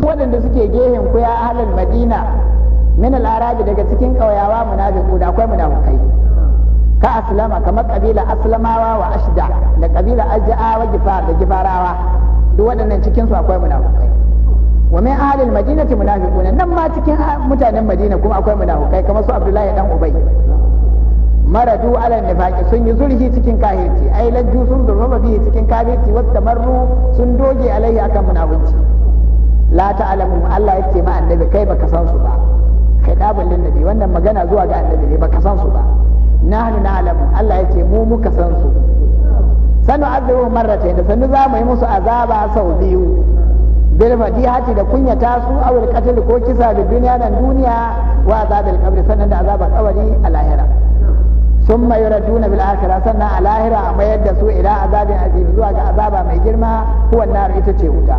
da waɗanda suke gehen ku ya ahlul madina min al-arabi daga cikin ƙauyawa munafiku da akwai munafikai ka aslama kamar kabila aslamawa wa ashda da kabila ajaa wa gifar da gifarawa duk waɗannan cikin su akwai munafikai wa min ahlil madinati munafiquna nan ma cikin mutanen madina kuma akwai munafikai kamar su abdullahi dan ubay maradu ala nifaqi sun yi zurhi cikin kahirci ai lajju sun durraba bihi cikin kafirci wata marru sun doge alaihi akan munafiki Lata ta'lamu Allah yace ma annabi kai baka san su ba kai dabul nabi wannan magana zuwa ga annabi ne baka san su ba nahnu na'lamu Allah yace mu muka san su sanu azabu marratayn da sannu za mu yi musu azaba sau biyu bil haci da kunya ta su auri al qatl ko kisa da duniya nan duniya wa azabil sannan da azaba kabari a lahira summa yuraduna bil akhirah sannan a lahira a mayar da su ila azabin azim zuwa ga azaba mai girma huwa nar ita ce wuta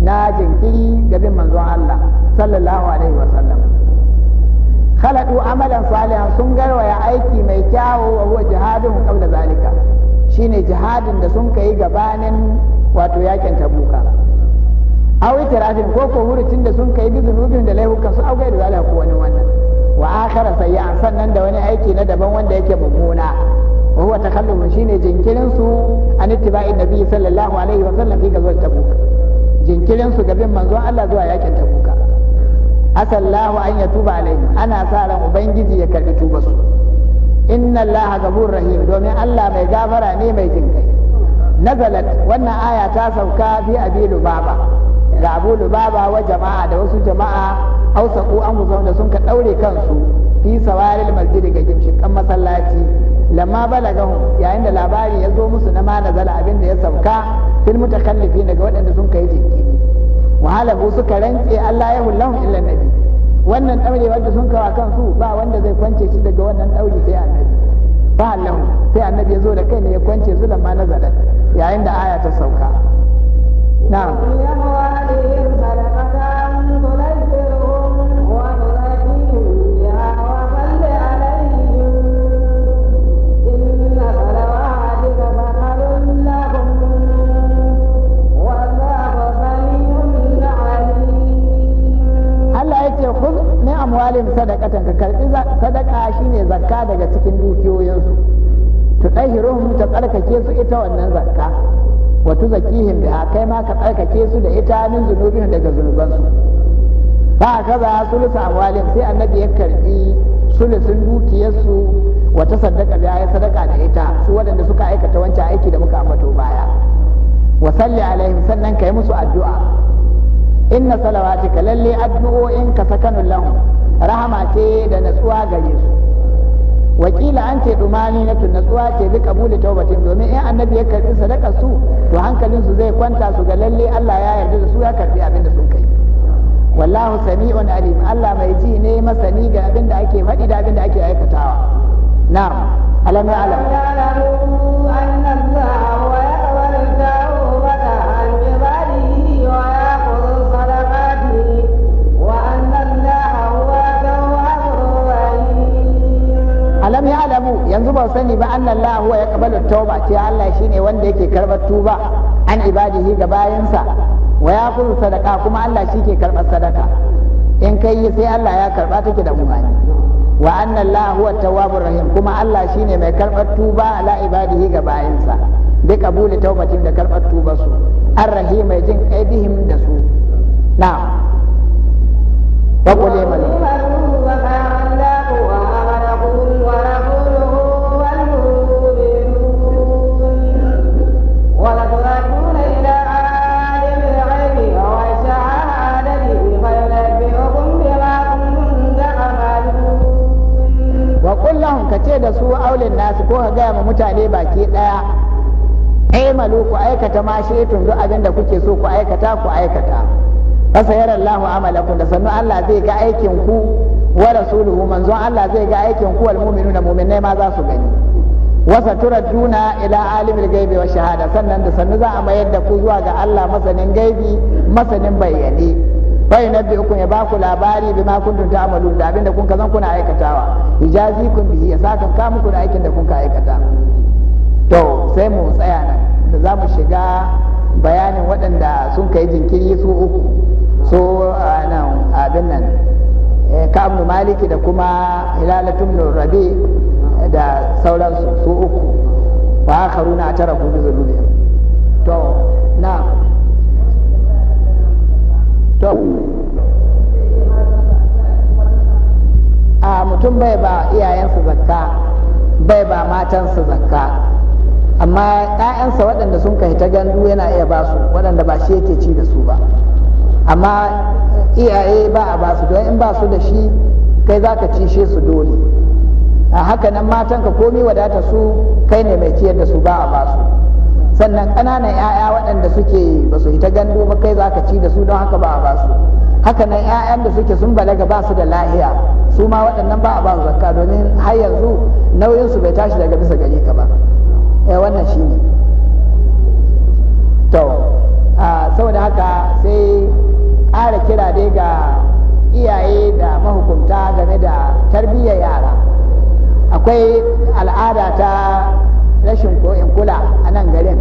na jinkiri ga bin manzon Allah sallallahu alaihi wa sallam khalaqu amalan salihan sun garwaya aiki mai kyawu wa huwa jihadun qabla zalika shine jihadin da sun kai gabanin wato yakin tabuka aw itirafin ko ko hurucin da sun kai bizunubin da laifukan su auga da zalika ko wani wannan wa akhara sayyi'an sannan da wani aiki na daban wanda yake mummuna wa huwa takallufun shine jinkirin su an ittiba'i nabi sallallahu alaihi wa sallam fi gazwat tabuka jinkirin su ga gabin manzon Allah zuwa yakin tabuka asallahu an yatuba alaihi ana sa ran ubangiji ya karbi tuba su inna allaha gafurur rahim domin Allah mai gafara ne mai jinkai nazalat wannan aya ta sauka fi abi lubaba da abu lubaba wa jama'a da wasu jama'a ausaku an musamman da sun ka daure kansu fi sawaril masjid ga gimshikan masallaci lamma balagahu yayin da labari ya zo musu na ma nazala abin da ya sauka fil mutakallifi daga waɗanda sun kai jinki wahalabu suka rantse Allah ya hulahu illa nabi wannan daure wanda sun kawa kansu ba wanda zai kwance shi daga wannan daure sai annabi ba Allah sai annabi ya zo da kai ne ya kwance su lamma nazala yayin da aya ta sauka na'am tsarkake su ita wannan zakka wa zakihin a kai ma ka tsarkake su da ita min zunubin daga zunubansu ba ka za sulusa amwalin sai annabi ya karbi sulusun dukiyarsu wata ta sadaka biya ya sadaka da ita su waɗanda suka aikata wancan aiki da muka ambato baya wa salli alaihim sannan kai musu addu'a inna salawatika lalle addu'o'in ka sakanu lahum rahama ce da natsuwa gare su wakila an ce dumani na natsuwa ce bi kabuli taubatin domin in annabi ya karbi sadakar su to hankalin su zai kwanta su ga lalle Allah ya yarda da su ya karbi abin da sun kai wallahu sami'un alim Allah mai ji ne masani ga abin da ake faɗi da abin da ake aikatawa na alam ya alam yanzu ba sani ba annallaha huwa ya yaqbalu tauba ce Allah shi ne wanda yake karbar tuba an ibadihi ga bayansa wa ya yaqulu sadaka kuma Allah shi ke karbar sadaka in kai yi sai Allah ya karba take da umarni wa annallaha huwa tawwabur rahim kuma Allah shi ne mai karbar tuba ala ibadihi ga bayansa bi kabuli taubatin da karbar tuba su arrahim mai jin kaibihim da su na'am wa qul da su aulin nasu ko ka gaya ma mutane baki ɗaya aimalu eh, ku aikata ma shi tun duk abin da kuke so ku aikata ku aikata fasayar Allahu amalakum da sannu Allah zai ga aikin ku wa rasuluhu manzon Allah zai ga aikin ku wal mu'minuna mu'minai ma za su gani wasa turaduna ila alimil ghaibi wa shahada sannan da sannu za a mayar da ku zuwa ga Allah masanin gaibi masanin bayyane fa uku ya baku labari bima kuntum ta'malu da abinda kun kazan kuna aikatawa kun bi ya saka ka muku da aikin da kun ka aikata to sai mu tsaya nan da zamu shiga bayanin waɗanda sun kai jinkiri su uku so nan abin nan eh, ka abu maliki da kuma hilalatun rabi da sauransu su uku fa akharuna atarafu bi to na'am a mutum bai ba iyayensu zakka bai ba matansu zakka amma 'ya'yansa waɗanda sun kai ta gandu yana iya ba su waɗanda ba shi yake ci da su ba amma iyaye ba a ba su don in ba su da shi kai za ka ci shi su dole a haka nan matanka komi wadata su kai ne mai ciyar da su ba a ba su sannan ƙananan 'ya'ya waɗanda suke ba su hita gandu ba kai zaka ci da su don haka ba a ba su haka nan 'ya'yan da suke sun balaga ba su da lahiya su ma waɗannan ba a ba su zakka domin har yanzu nauyin su bai tashi daga bisa gari ka ba eh wannan shine to saboda haka sai ƙara kira dai ga iyaye da mahukunta game da tarbiyyar yara akwai al'ada ta rashin ko in kula a nan garin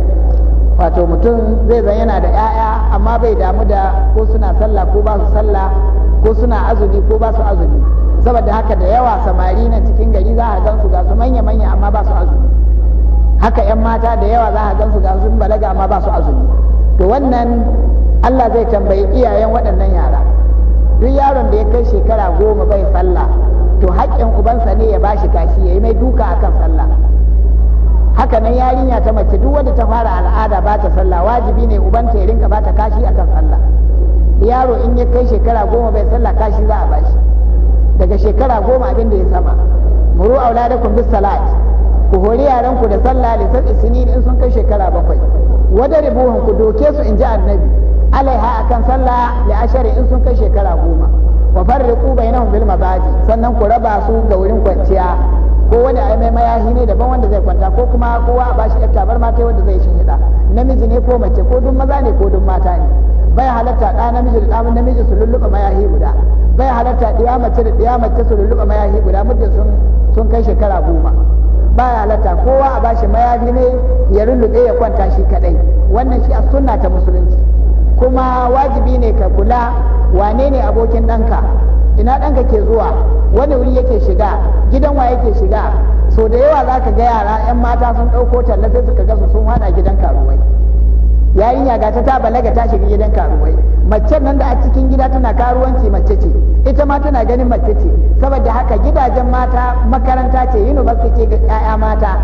wato mutum zai zan yana da 'ya'ya amma bai damu da ko suna sallah ko ba su sallah ko suna azumi ko ba su azumi saboda haka da yawa samari na cikin gari za a gansu ga su manya-manya amma ba su azumi haka 'yan mata da yawa za a gansu ga su balaga amma ba su azumi to wannan Allah zai tambayi iyayen waɗannan yara duk yaron da ya kai shekara goma bai sallah to haƙƙin ubansa ne ya bashi kashi ya yi mai duka akan sallah haka nan yarinya ta mace duk wanda ta fara al'ada ba ta sallah wajibi ne ubanta ya rinka ba ta kashi akan sallah yaro in ya kai shekara goma bai sallah kashi za a bashi daga shekara goma abin da ya sama muru auladakum bis salat ku hori yaran ku da sallah li sab'i sinin in sun kai shekara bakwai wada ribuhun ku doke su in annabi alaiha akan sallah li ashari in sun kai shekara goma wa farriqu bainahum bil mabadi sannan ku raba su ga wurin kwanciya ko wani a mai mayahi ne daban wanda zai kwanta ko kuma kowa a bashi yar tabarma ta wanda zai shinhida namiji ne ko mace ko duk maza ne ko duk mata ne bai halatta ɗa namiji da ɗa namiji su lulluɓa mayahi guda bai halatta ɗiya mace da ɗiya mace su lulluɓa mayahi guda muddin sun sun kai shekara goma bai halatta kowa a bashi mayahi ne ya lulluɓe ya kwanta shi kadai wannan shi a sunna ta musulunci kuma wajibi ne ka kula wane ne abokin ɗanka ina ɗanka ke zuwa wani wuri yake shiga gidan wa yake shiga so da yawa za ka ga yara 'yan mata sun ɗauko talla sai suka su sun hana gidan karuwai yarinya ga ta balaga ta shiga gidan karuwai mace nan da a cikin gida tana karuwanci mace ce ita ma tana ganin mace ce saboda haka gidajen mata makaranta ce university ce ga 'ya'ya mata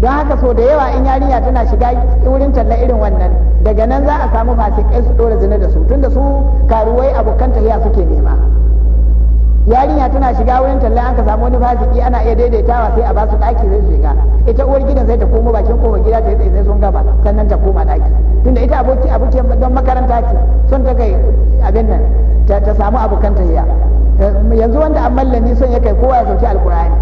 don haka so da yawa in yarinya tana shiga wurin talla irin wannan daga nan za a samu fasikai su ɗora zina da su tunda su karuwai abokan tahiya suke nema yarinya tana shiga wurin talla an ka samu wani fasiki ana iya daidaitawa sai a basu daki zai shiga ita uwar gidan sai ta komo bakin kofar gida ta tsaye sai sun gaba sannan ta koma daki tunda ita aboki aboki don makaranta ce sun ta kai abin nan ta samu abokan ya eh, yanzu wanda an mallami son ya kai kowa ya sauki alkur'ani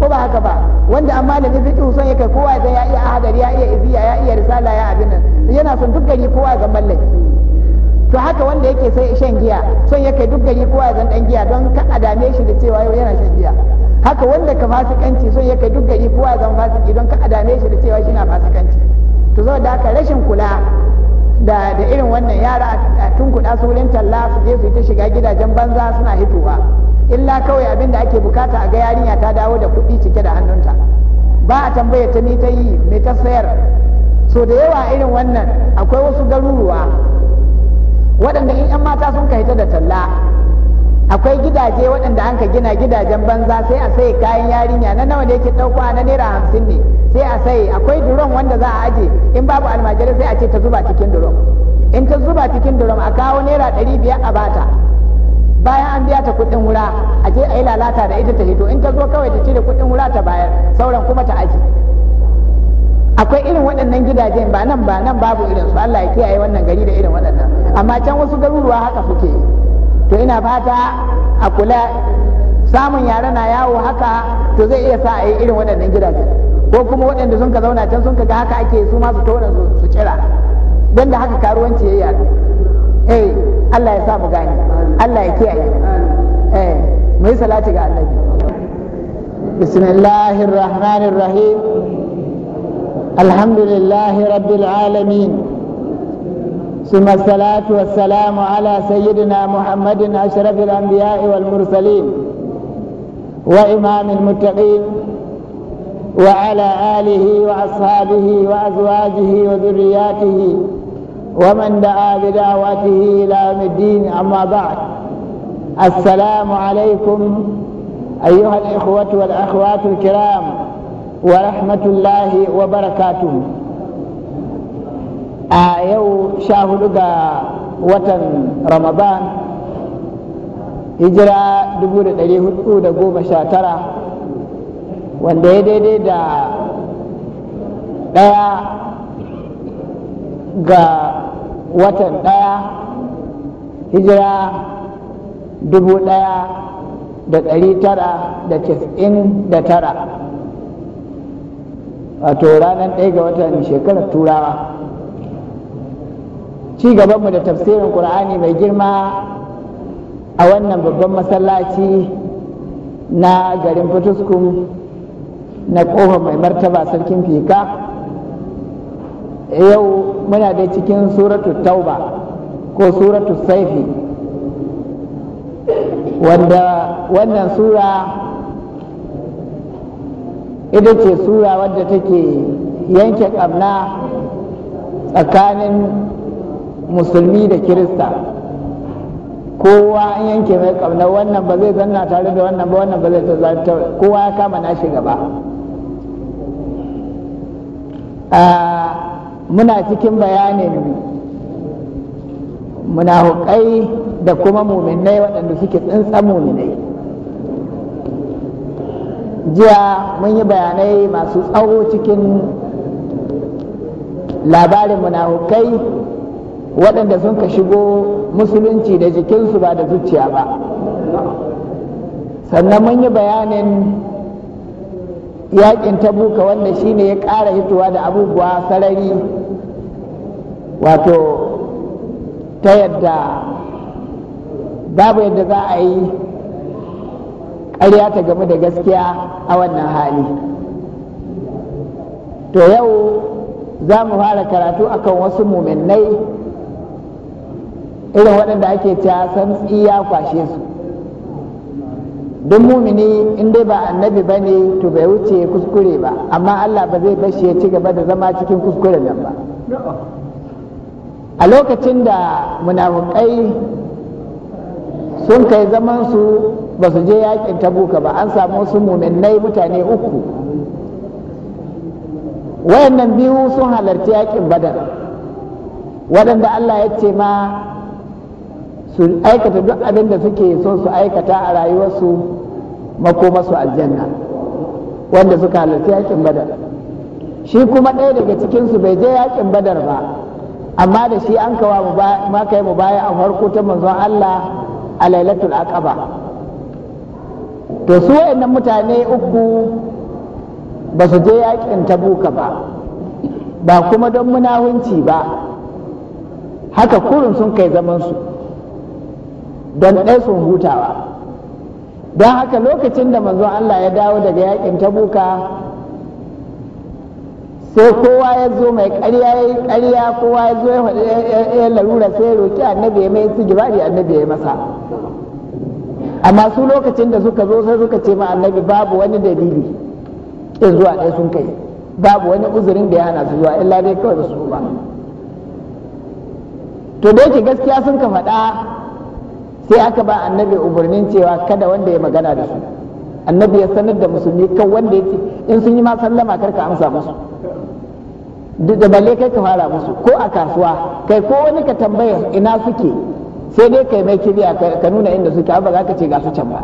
ko ba haka ba wanda an mallami fiqh son ya kai kowa ya iya ahadari ya iya iziya ya iya risala ya abin nan yana son duk gari kowa ga mallaki to haka wanda yake sai shan giya son ya kai duk gari kowa ya zan dan giya don ka adame shi da cewa yau yana shan giya haka wanda ka fasikanci son ya kai duk gari kowa ya zan fasiki don ka adame shi da cewa shi na fasikanci to zo da haka rashin kula da da irin wannan yara a tunkuɗa su wurin talla su je su yi ta shiga gidajen banza suna hitowa illa kawai abin da ake bukata a ga yarinya ta dawo da kuɗi cike da hannunta ba a tambayar ta ni ta yi me ta sayar so da yawa irin wannan akwai wasu garuruwa waɗanda in 'yan mata sun kai ta da talla akwai gidaje waɗanda an ka gina gidajen banza sai a sai kayan yarinya na nawa da yake ɗauka na naira hamsin ne sai a sai akwai duron wanda za a aje in babu almajirai sai a ce ta zuba cikin duron in ta zuba cikin duron a kawo naira ɗari biyar a bata bayan an biya ta kuɗin wura a je a yi lalata da ita ta hito in ta zo kawai ta cire kuɗin wura ta bayar sauran kuma ta aji akwai irin waɗannan gidajen ba nan ba nan babu irin su Allah ya kiyaye wannan gari da irin waɗannan amma can wasu garuruwa haka suke to ina fata a kula samun yare na yawo haka to zai iya sa a yi irin waɗannan gidajen ko kuma waɗanda sun ka zauna can sun ka ga haka ake su masu tona su cira don da haka karuwanci ya yaɗu eh Allah ya sa mu gane Allah ya kiyaye eh mu yi salati ga Allah bismillahir rahmanir rahim الحمد لله رب العالمين ثم الصلاة والسلام على سيدنا محمد أشرف الأنبياء والمرسلين وإمام المتقين وعلى آله وأصحابه وأزواجه وذرياته ومن دعا بدعوته إلى يوم الدين أما بعد السلام عليكم أيها الإخوة والأخوات الكرام ورحمة الله وبركاته آيو شاهد وطن رمضان هجرة دبور دليه الأولى قوم شاترة wanda ya daidai da ɗaya ga watan ɗaya hijira dubu ɗaya da ɗari tara da casa'in da tara wato ranar ɗaya ga watan shekarar turawa ci gabanmu da tafsirin ƙur'ani mai girma a wannan babban masallaci na garin fituskun na ƙofa mai martaba sarkin fika yau muna da cikin suratu tauba ko suratu saifi wanda wannan sura ita ce sura wadda take yanke ƙamna tsakanin musulmi da kirista kowa an yanke mai ƙamna wannan ba zai zanna tare da wannan ba wannan ba zai ta zanta kowa ya kama nashi gaba muna cikin bayanin munafukai da kuma muminai waɗanda suke tsintsan muminai jiya mun yi bayanai masu tsawo cikin labarin munafukai waɗanda sun ka shigo musulunci da jikinsu ba da zuciya ba sannan mun yi bayanin yaƙin ta tabuka wanda shine ya ƙara hitowa da abubuwa sarari wato ta yadda babu yadda za a yi ƙarya ta game da gaskiya a wannan hali to yau za mu fara karatu akan wasu muminai irin waɗanda ake ta san ya kwashe su duk mumini in dai ba annabi ba ne to bai wuce kuskure ba amma allah ba zai bashi ya ci gaba da zama cikin kuskure nan ba a lokacin da munafukai sun kai zamansu ba su je yakin tabuka ba an samu wasu muminai mutane uku wayannan biyu sun halarci yakin badar waɗanda Allah ya ce ma su aikata duk abin da suke son su aikata a rayuwarsu makomasu aljanna wanda suka halarci yakin badar shi kuma ɗaya daga cikinsu bai je yakin badar ba amma da shi an kawa mu baya a farko ta manzon Allah a lailatul aqaba to su wayannan mutane uku ba su je yakin tabuka ba ba kuma don munawunci ba haka kurin sun kai zamansu don ɗaya sun hutawa don haka lokacin da manzon Allah ya dawo daga yakin tabuka sai kowa ya zo mai ƙarya ya yi ƙarya kowa ya zo ya larura sai ya roƙi annabi ya mai su gibari annabi ya masa amma su lokacin da suka zo sai suka ce ma annabi babu wani dalili ke zuwa ɗaya sun kai babu wani uzurin da ya hana su zuwa illa dai kawai su ba to da yake gaskiya sun ka faɗa sai aka ba annabi umarnin cewa kada wanda ya magana da su annabi ya sanar da musulmi kan wanda ya ce in sun yi ma sallama kar ka amsa musu duk da balle kai ka fara musu ko a kasuwa kai ko wani ka tambaya ina suke sai dai kai mai kiriya ka nuna inda suke ba za ka ce ga su can ba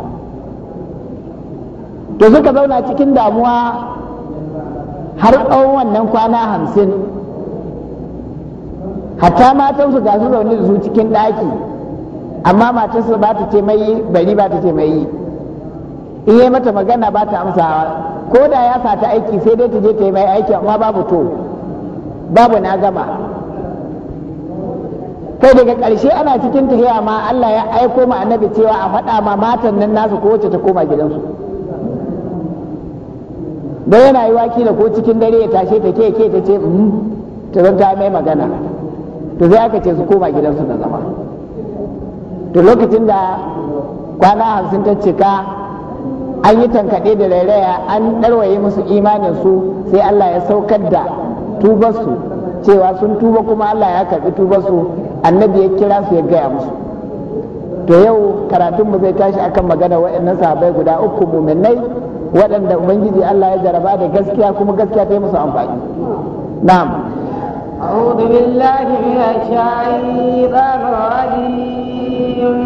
to suka zauna cikin damuwa har tsawon wannan kwana hamsin hatta matansu ga su zaune da su cikin ɗaki amma matarsa ba ta ce mai bari ba ta ce mai in yi mata magana ba ta amsawa ko da ya sata aiki sai dai ta je ta yi mai aiki amma babu to babu na gama kai daga ƙarshe ana cikin tafiya ma Allah ya aiko ma annabi cewa a faɗa ma matan nan nasu ko wacce ta koma gidansu don yana yi waki da ko cikin dare ya tashe ta ke ke ta ce mm, ta zan ta mai magana to sai aka ce su koma gidansu na zama to lokacin da kwana hamsin ta cika an yi tankaɗe da rairaya an ɗarwaye musu imanin su sai Allah ya saukar da tubarsu cewa sun tuba kuma Allah ya karɓi tubarsu annabi ya kira su ya gaya musu to yau karatunmu zai tashi akan magana waɗannan sahabbai guda uku muminai waɗanda ubangiji Allah ya jaraba da gaskiya kuma gaskiya ta yi musu amfani na'am أعوذ بالله من الشيطان الرجيم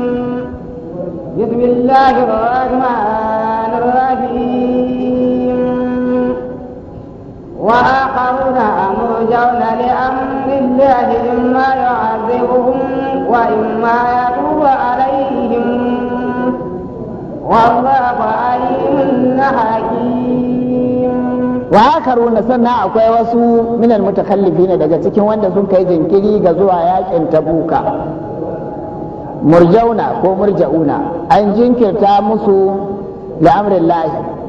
بسم الله الرحمن الرحيم وآخرون مرجون لأمر Yan gina jirgin marayu a tsego wayan ma ya na haƙi. akwai wasu minan matukalli biyu na daga cikin wanda sun kai jinkiri ga zuwa yaƙin taɓuka, murjauna ko murja'una, an jinkirta musu lu'amrullahi.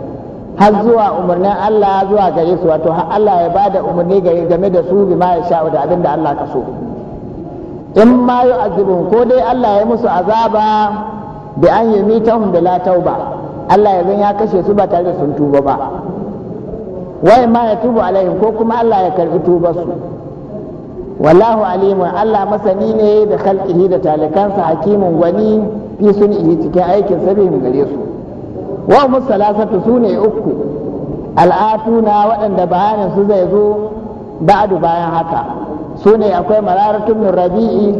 har zuwa umarnin Allah zuwa gare su wato har Allah ya bada umarni gare game da su bi ma ya sha da abin da Allah ka so in ma yu'azibun ko dai Allah ya musu azaba bi an yi da bila tauba Allah ya zan ya kashe su ba tare da sun tuba ba wai ma ya tubu alaihim ko kuma Allah ya karbi tubar su wallahu alimun Allah masani ne da khalqihi da talikansa hakimin gwani fi sun yi cikin aikin sabihin gare su wa musalasatu sune uku al'atuna waɗanda bayanin su zai zo ba'adu bayan haka sune akwai mararatu min rabi'i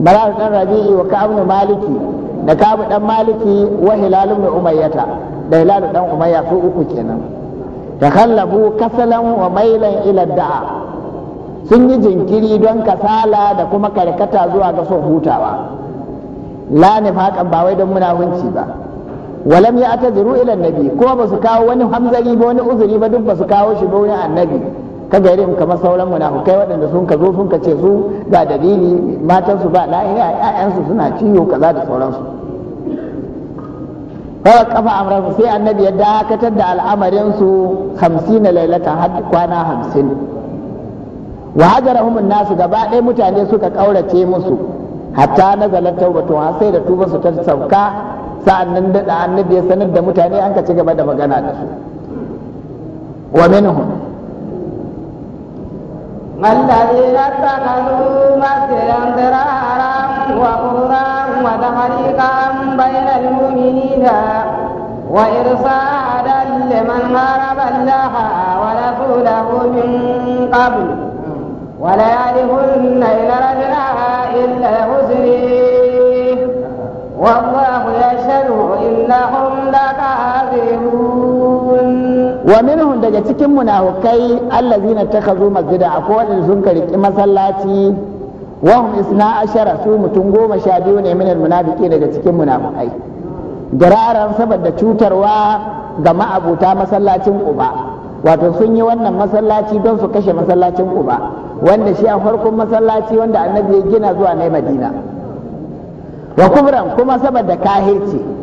mararatu ɗan rabi'i wa ka'ab maliki da ka'ab dan maliki wa hilal min umayyata da hilal dan umayya su uku kenan takhallabu kasalan wa mailan ila da'a sun yi jinkiri don kasala da kuma karkata zuwa ga son hutawa la nifaƙan ba wai don munafunci ba walam ya ataziru ila nabi kuma ba su kawo wani hamzari ba wani uzuri ba duk ba su kawo shi ba wani annabi ka garin kamar sauran munafukai waɗanda sun ka zo sun ka ce su ga dalili matan su ba lahiya su suna ciwo kaza da sauransu fa kafa amran sai annabi ya dakatar da al'amarin su 50 lailata har kwana 50 wa hajarahum nasu gaba ɗaya mutane suka kaurace musu hatta nazalat tawbatu sai da tuba su ta sauka sa'annan daɗa annabi ya sanar da mutane an ka ci gaba da magana da su wa minhum الذين اتخذوا مسجدا ضرارا وكفرا وتفريقا بين المؤمنين وإرصادا لمن هرب الله ورسوله من قبل ولا يعرفن إلى رجلها إلا حسنه والله Wa لكاذبون ومنهم daga cikin munafukai allazina takazu masjida akwai wadanda sun kariki masallaci wa hum isna ashara su mutum goma sha biyu ne min munafiki daga cikin munafukai gararan saboda cutarwa ga ma'abuta masallacin uba wato sun yi wannan masallaci don su kashe masallacin uba wanda shi a farkon masallaci wanda annabi ya gina zuwa na madina wa kubran kuma saboda kahirci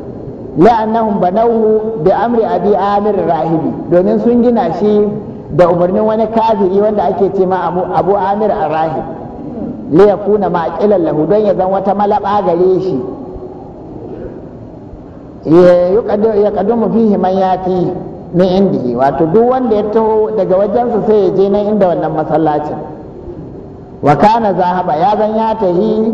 la'annahum banawhu bi amri abi amir rahibi domin sun gina shi da umarnin wani kafiri wanda ake ce ma abu amir rahib li yakuna maqilan lahu don ya zan wata malaba gare shi ya kadumu fihi man yati min indihi wato duk wanda ya taho daga wajensa sai ya je nan inda wannan masallacin wa kana zahaba ya zan ya tahi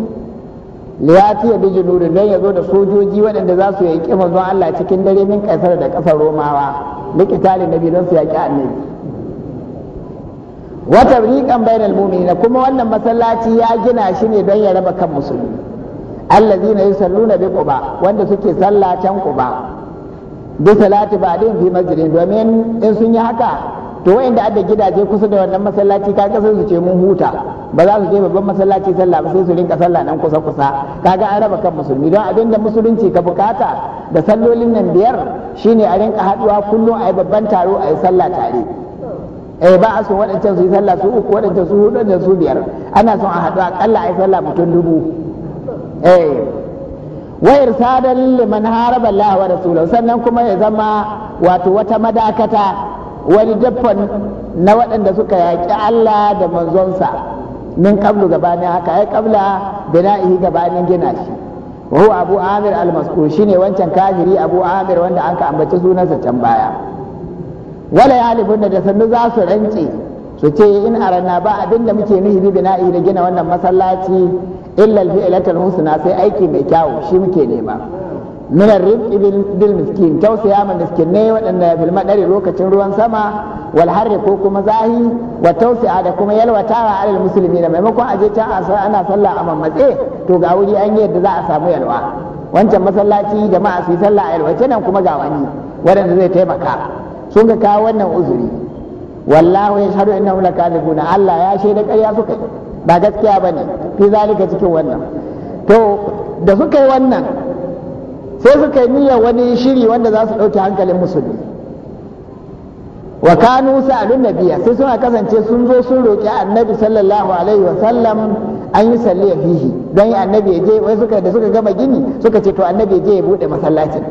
liyati bi don ya zo da sojoji waɗanda za su yaƙi manzon Allah cikin dare min ƙasar da ƙasar Romawa na nabi don su yaƙi annabi wa tabriqan bainal mu'minina kuma wannan masallaci ya gina shi ne don ya raba kan musulmi allazina yusalluna bi quba wanda suke sallah can quba bi salati ba'din fi masjidin domin in sun yi haka to inda adda gidaje kusa da wannan masallaci ka ga su ce mun huta ba za su je babban masallaci sallah ba sai su rinka sallah nan kusa kusa kaga an raba kan musulmi don abin da musulunci ka bukata da sallolin nan biyar shine a rinka haduwa kullum a yi babban taro a yi sallah tare eh ba a son waɗancan su yi sallah su uku waɗancan su hudu da su biyar ana son a haɗu akalla a yi sallah mutum dubu eh wayar sadar liman haraba Allah wa sannan kuma ya zama wato wata madakata wani jaffan na waɗanda suka yaƙi Allah da manzonsa min qablu gabanin haka ai qabla bina'ihi gabanin gina shi wahu abu amir al shi shine wancan kafiri abu amir wanda an ka ambaci sunansa can baya wala yalifun da sannu za su rance su ce in rana ba da muke nuhi bi bina'i da gina wannan masallaci illa al-fi'latul husna sai aiki mai kyau shi muke nema min rizqi bil miskin tausaya ma miskinai waɗanda fil madari lokacin ruwan sama wal harri ko kuma zahi wa tausi'a da kuma yalwatawa alal musulmi da maimakon aje asa ana sallah a mammatse to ga wuri an yadda za a samu yalwa wancan masallaci da su yi sallah a yalwace nan kuma ga wani waɗanda zai taimaka sun ga kawo wannan uzuri wallahu ya shahadu innahu lakazibuna Allah ya shaida ƙarya suka yi ba gaskiya bane fi zalika cikin wannan to da suka yi wannan sai suka yi niyyar wani shiri wanda za su ɗauki hankalin musulmi wa kanu sa'alun nabiya sai suna kasance sun zo sun roƙi annabi sallallahu alaihi wa sallam an yi salli ya fihi don yi annabi ya je wai suka da suka gama gini suka ce to annabi ya je ya buɗe masallacin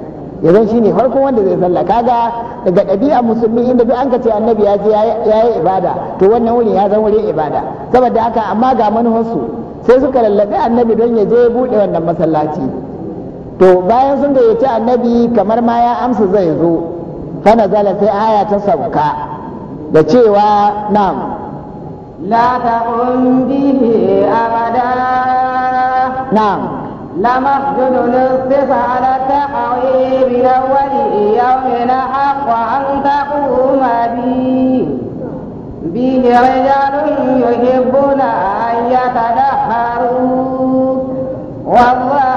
ya zan shine farkon wanda zai sallaka kaga daga ɗabi'a musulmi inda duk an ka ce annabi ya je ya yi ibada to wannan wuri ya zan wurin ibada saboda haka amma ga manuhansu sai suka lallabe annabi don ya je ya buɗe wannan masallaci to bayan sun gayyaci annabi kamar ma ya amsa zai zo fana zala sai aya ta sauka da cewa nam la taqul bihi abada nam la mahjudu nusfa ala taqwir yawm yawmin haqq wa anta quma bi bihi rajalun yuhibbuna ayyatadahharu wallahu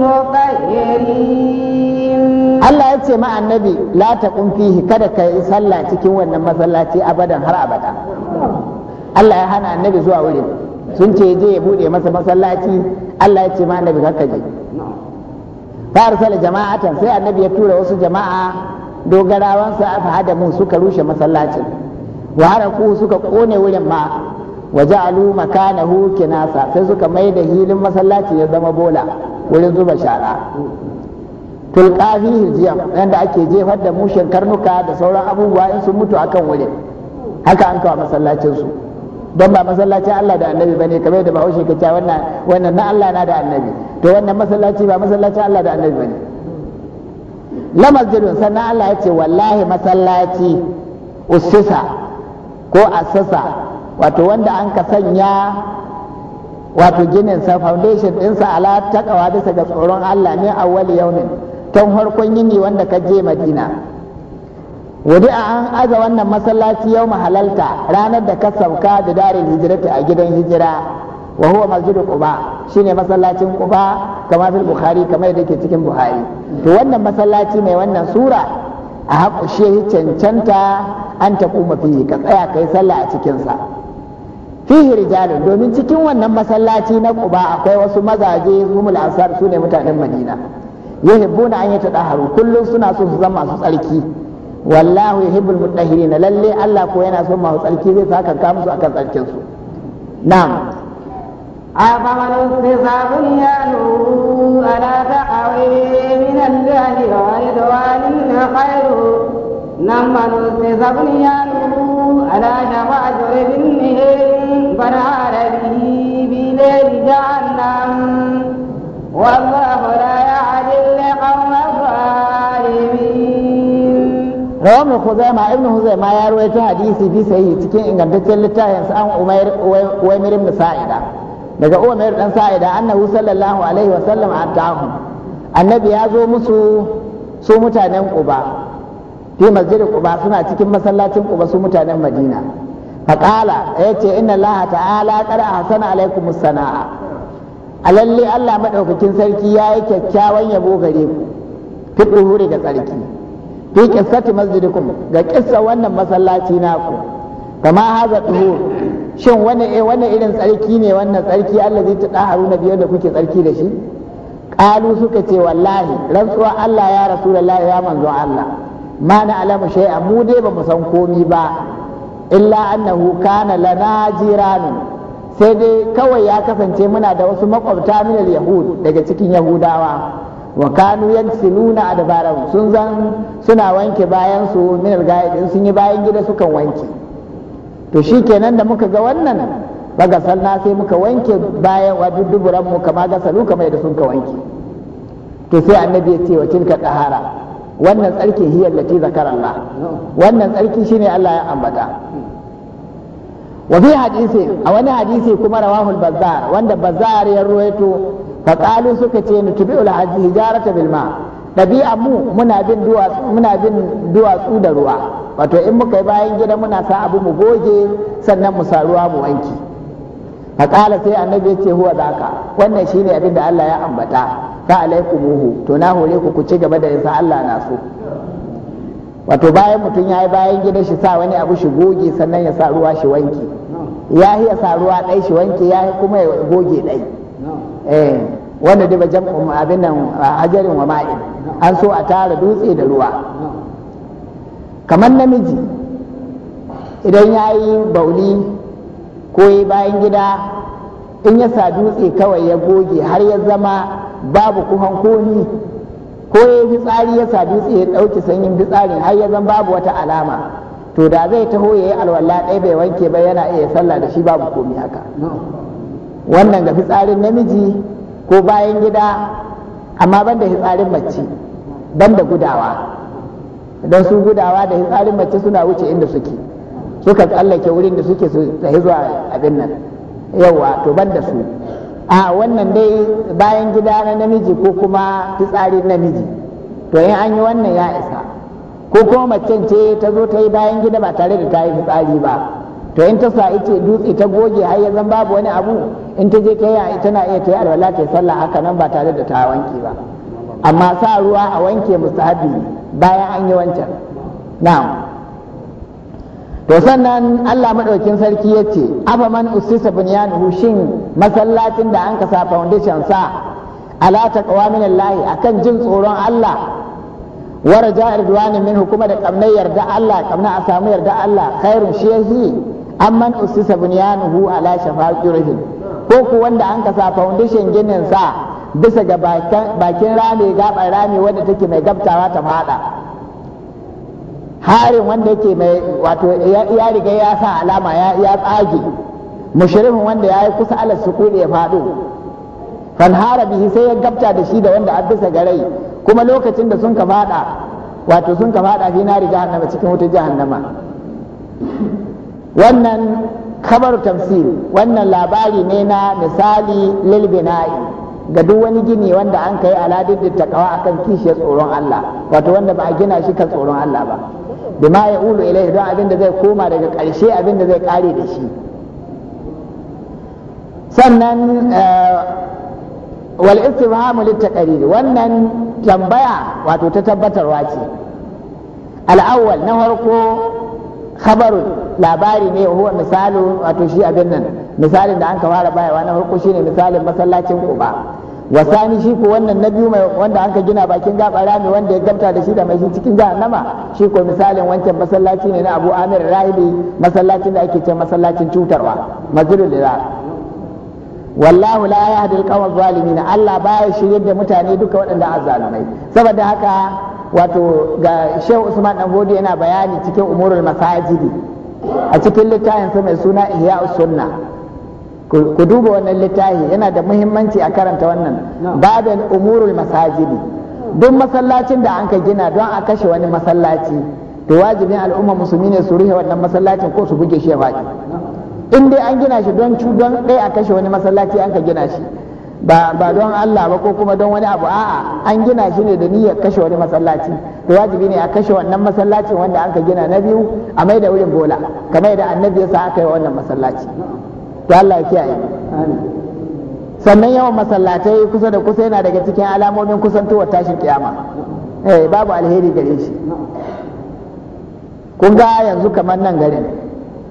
Allah ya ce ma'annabi la ta لا kada ka yi sallah cikin wannan وانا abadan har abada. Allah ya hana annabi zuwa wurin sun ce je ya bude masa masallaci Allah ya ce ma annabi je fa arsala jama'atan sai annabi ya tura wasu jama'a dogarawansa a hada mu suka rushe masallacin wa ku suka ƙone wurin ma wa ja'alu makanahu kinasa sai suka mai da hilin masallaci ya zama bola wurin zuba shara tulqa fihi jiyam yanda ake jefar da mushin karnuka da sauran abubuwa in sun mutu akan wurin haka an kawo masallacin su don ba masallacin Allah da annabi bane kame da bahaushe haushe kacca wannan wannan na Allah na da annabi to wannan masallaci ba masallacin Allah da annabi bane lamar jirgin sannan Allah ya ce wallahi masallaci usisa ko assasa wato wanda an ka sanya wato ginin sa foundation ɗinsa ala takawa bisa ga tsoron Allah ne wali yaumin tun harkon yini wanda ka je Madina wadi a an aza wannan masallaci yau mahalalta ranar da ka sauka da darin hijirata a gidan hijira wa huwa masjid quba shine masallacin quba kamar fil bukhari kamar yadda yake cikin bukhari to wannan masallaci mai wannan sura a haƙushe cancanta an ta kuma fiye ka tsaya kai sallah a cikinsa fihi rijalun domin cikin wannan masallaci na Quba akwai wasu mazaje humul ansar sune mutanen Madina yuhibbuna an yatadaharu kullum suna so su zama masu tsarki wallahu yuhibbul mutahhirin lalle Allah ko yana son masu tsarki zai saka ka musu akan tsarkin su na'am أفمن اتخذ بنيانه على تقوي من الله ورضوان خير من اتخذ بنيانه على شفا جرب النهر فنار به جهنم والله لا يعدل لقوم rawar mai ko zai ma ibn huzai ma ya ruwaito hadisi bi sahihi cikin ingantaccen littafin sa'an an wa umair ibn sa'ida daga umair dan sa'ida annahu sallallahu alaihi wa sallam atahu annabi ya zo musu su mutanen quba fi masjidin quba suna cikin masallacin quba su mutanen madina faƙala ya ce inna Allah ta'ala kada a hasana alaikum sana'a a lalle Allah maɗaukakin sarki ya yi kyakkyawan yabo gare ku fi ɗuhuri ga tsarki fi ƙissati masjidikum ga ƙissa wannan masallaci naku kama haza ɗuhur shin wani irin tsarki ne wannan tsarki Allah zai taɗa haruna biyar da kuke tsarki da shi ƙalu suka ce wallahi rantsuwa Allah ya rasu da ya manzon Allah mana alamu shay'a mu dai ba mu san komi ba illa annahu kana lana jiranun sai dai kawai ya kasance muna da wasu makwabta minal yahud daga cikin yahudawa wa kanu yansiluna adbarahum sun zan suna wanke bayan su minal ga'idin sun yi bayan gida suka wanke to shikenan da muka ga wannan baga na sai muka wanke bayan wa dudduburan mu kama ga salu kamar yadda sun ka wanke to sai annabi ya ce wa tilka tahara wannan tsarki hiyar lati zakarallah wannan tsarki shine Allah ya ambata wa bi hadisi a wani hadisi kuma rawahul bazzar wanda bazzar ya ruwaito fa qalu suka ce nutbi'ul hijarata bil ma dabi'a mu muna bin duwatsu muna bin duwatsu da ruwa wato in muka yi bayan gida muna sa abu mu goge sannan mu sa ruwa mu wanki fa qala sai annabi ya ce huwa zaka wannan shine abin da Allah ya ambata fa alaikumuhu to na hore ku ku ci gaba da yasa Allah na so wato bayan mutum ya yi bayan gida shi sa wani abu shi goge sannan ya sa ruwa shi wanki ya sa ruwa ɗai shi wanke ya kuma ya goge ɗai eh, wanda dai bajan um, abin nan a hajarin wa ma'in an so a tara dutse da ruwa kamar namiji idan ya yi bauli ko yi bayan gida in ya sa dutse kawai ya goge har ya zama babu kuhan koni ko ya yi fitsari ya sa dutse ya ɗauki sanyin fitsarin har ya zama babu wata alama to da zai taho ya yi alwala ɗaya bai wanke ba yana iya sallah da shi babu komi haka wannan ga fitsarin namiji ko bayan gida amma ban da fitsarin mace ban da gudawa don su gudawa da fitsarin mace suna wuce inda suke suka tsallake wurin da suke su tsaye zuwa abin nan yauwa to ban da su a wannan dai bayan gida na namiji ko kuma fitsarin namiji to in an yi wannan ya isa ko kuma macen ce ta zo ta yi bayan gida ba tare da ta yi fitsari ba to in ta sa ice dutse ta goge har yanzu babu wani abu in ta je kai tana iya ta yi alwala ta sallah haka nan ba tare da ta wanke ba amma sa ruwa a wanke musahabi bayan an yi wancan na'am to sannan Allah madaukin sarki ya ce afa man usisa bunyanuhu masallacin da an kasa foundation sa ala taqwa min Allah akan jin tsoron Allah wa raja min minhu kuma da kamnar yarda Allah kamna a samu yarda Allah khairun shehi yahi amman usisa bunyanuhu ala shafa ko ku wanda an kasa foundation ginin sa bisa ga bakin rami gaban rami wanda take mai gabtawa ta fada harin wanda yake mai wato ya riga ya sa alama ya tsage mushrifin wanda ya yi kusa ala sukuri ya fado fanhara bihi sai ya gabta da shi da wanda addasa garai kuma lokacin da sun ka fada wato sun ka fada fi nari jahannama cikin wuta jahannama wannan kabar tafsir wannan labari ne na misali lil bina'i ga duk wani gini wanda an kai aladin da takawa akan kishiyar tsoron Allah wato wanda ba a gina shi kan tsoron Allah ba bima ya ulu ilai don abin da zai koma daga karshe abin da zai kare da shi sannan eh, wal istifhamu litaqrir wannan tambaya wato ta tabbatarwa ce al-awwal na farko khabaru labari ne huwa misalu wato shi abin nan misalin da an ka fara bayawa na farko shine misalin masallacin Quba wasani shi ko wannan na biyu mai wanda an ka gina bakin gaba rami wanda ya gamta da shi da mai shi cikin jahannama shi ko misalin wancan masallaci ne na Abu Amir Rahibi masallacin da ake ce masallacin cutarwa mazlul wallahu la yahdi alqawm na Allah baya shiryar da mutane duka waɗanda azzalumai saboda haka wato ga Shehu Usman dan Godi yana bayani cikin umurul masajidi a cikin littafin sa mai suna Ihya sunna ku duba wannan littafi yana da muhimmanci a karanta wannan babin umurul masajidi duk masallacin da an ka gina don a kashe wani masallaci to wajibin al'umma musulmi ne su rufe wannan masallacin ko su buge shi ya faɗi in dai an gina shi don don ɗaya a kashe wani masallaci an ka gina shi ba don Allah ba ko kuma don wani abu a'a an gina shi ne da niyyar kashe wani masallaci to wajibi ne a kashe wannan masallacin wanda an ka gina na biyu a mai da wurin bola kamar yadda annabi ya sa aka yi wannan masallaci to Allah ya kiyaye sannan yawan masallatai kusa da kusa yana daga cikin alamomin kusantowar tashin kiyama eh babu alheri gare shi kun ga yanzu kamar nan garin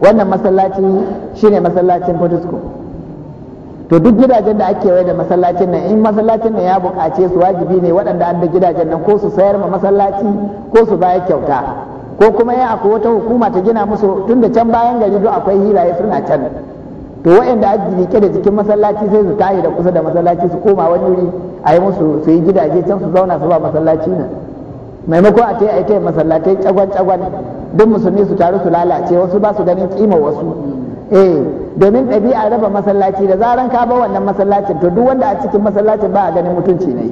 wannan masallaci shine masallacin Fortescue to duk gidajen da ake wai da masallacin nan in masallacin nan ya buƙace su wajibi ne waɗanda an da gidajen nan ko su sayar ma masallaci ko su bayar kyauta ko kuma ya akwai wata hukuma ta gina musu tun da can bayan gari duk akwai hiraye suna can to waɗanda an rike da jikin masallaci sai su tahi da kusa da masallaci su koma wani wuri a yi musu su yi gidaje can su zauna su ba masallaci nan maimako a tai a ita masallatai tsagon tsagon duk musulmi su taru su lalace wasu ba su ganin kima wasu eh domin ɗabi'a raba masallaci da zaran ka ba wannan masallacin to duk wanda a cikin masallacin ba a ganin mutunci ne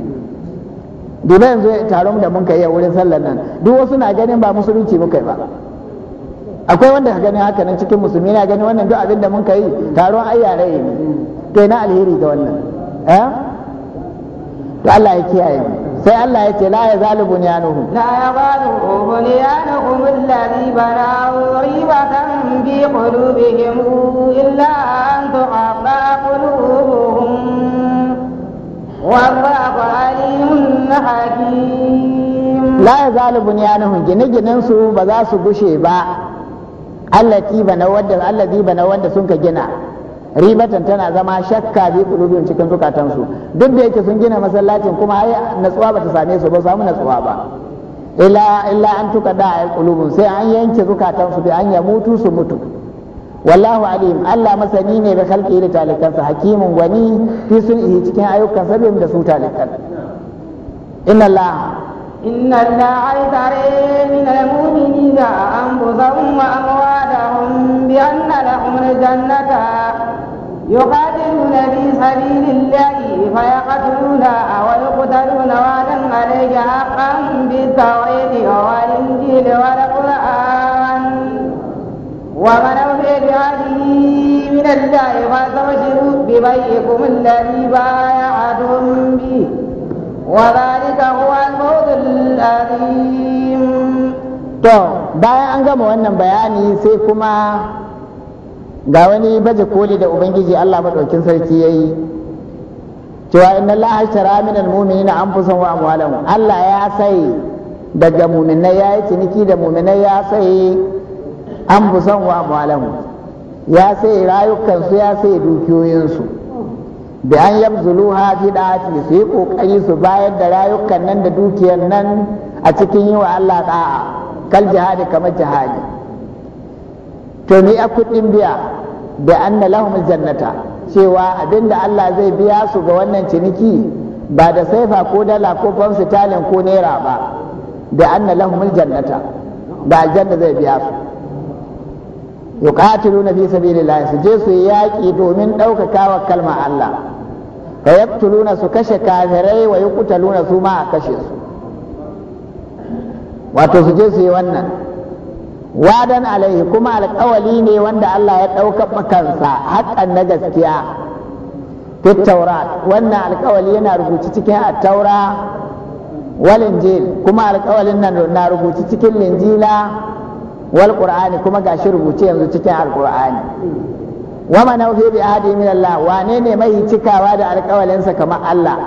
dole yanzu taron da mun kai a wurin sallar nan duk wasu na ganin ba musulunci muka yi ba akwai wanda ka gani haka nan cikin musulmi na gani wannan duk abin da mun kai taron ayyare ne to ina alheri ga wannan eh to Allah ya kiyaye mu sai Allah ya ce la ya zalu bunyanuhu la ya zalu bunyanuhum alladhi banaw ribatan bi qulubihim illa an tuqatta qulubuhum wa Allahu alimun hakim la ya zalu bunyanuhum gine-ginen su ba za su gushe ba allati bana wanda allazi bana wanda sun ka gina ribatan tana zama shakka bi kulubin cikin zukatansu duk da yake sun gina masallacin kuma ai natsuwa ba ta same su ba samu natsuwa ba illa illa an tuka da ai kulubun sai an yanke zukatansu bi an ya mutu su mutu wallahu alim Allah masani ne da khalqi da talikansa hakimun gwani fi sun yi cikin ayyukan sabin da su talikan inna Allah inna Allah aitare min al-mu'minina anfusahum wa amwadahum bi anna lahum al-jannata يقاتلون في سبيل الله فيقتلون ويقتلون وعدا عليك حقا بالتوحيد والانجيل والقران ومن اوفي بعهده من الله فاستبشروا ببيكم الذي بايعتم به وذلك هو الفوز العظيم. طيب بايع انجم وانم بياني سيكما ga wani baje koli da ubangiji Allah madaukin sarki yayi cewa inna Allah ashtara min almu'minina anfusahum wa amwalahum Allah ya sai daga mu'minai ya yi ciniki da mu'minai ya sai anfusahum wa amwalahum ya sai rayukansu ya sai dukiyoyinsu da an yabzuluha fi da'ati su yi kokari su bayar da rayukan nan da dukiyan nan a cikin yi wa Allah da'a kal jihadi kamar jihadi to ni a kuɗin biya da anna lahum jannata cewa abinda Allah zai biya su ga wannan ciniki ba da saifa ko dala ko famsu talin ko naira ba da anna lahum jannata da aljanna zai biya su yuqatiluna fi sabilillah su je su yaki domin ɗaukaka wa kalma Allah fa yaqtuluna su kashe kafirai wa yuqtaluna su ma a kashe su wato su je su yi wannan wadan alaihi kuma alkawali ne wanda Allah ya ɗaukar makansa haƙƙan na gaskiya taura wannan alkawali yana rubuci cikin taura wal injil kuma alkawalin nan na rubuci cikin linjila wal qur'ani kuma shi rubuce yanzu cikin alqur'ani wa man awfi bi ahdi min Allah wane ne mai cikawa da sa kamar Allah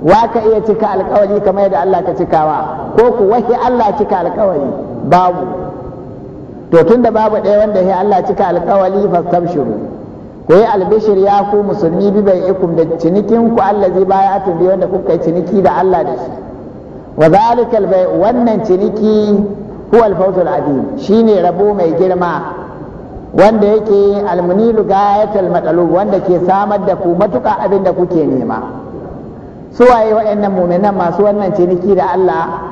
wa ka iya cika alkawali kamar yadda Allah ka cikawa ko ku wahi Allah cika alkawali babu to tun da babu ɗaya wanda ya Allah cika alkawali fastabshiru ku yi albishir ya ku musulmi bi bai ikum da cinikin ku Allah zai baya atun bi wanda kuka ciniki da Allah da shi wa zalika albai wannan ciniki huwa alfawzul azim shine rabo mai girma wanda yake almunilu gayatul matalub wanda ke samar da ku matuka abin da kuke nema Su waye waɗannan muminan masu wannan ciniki da Allah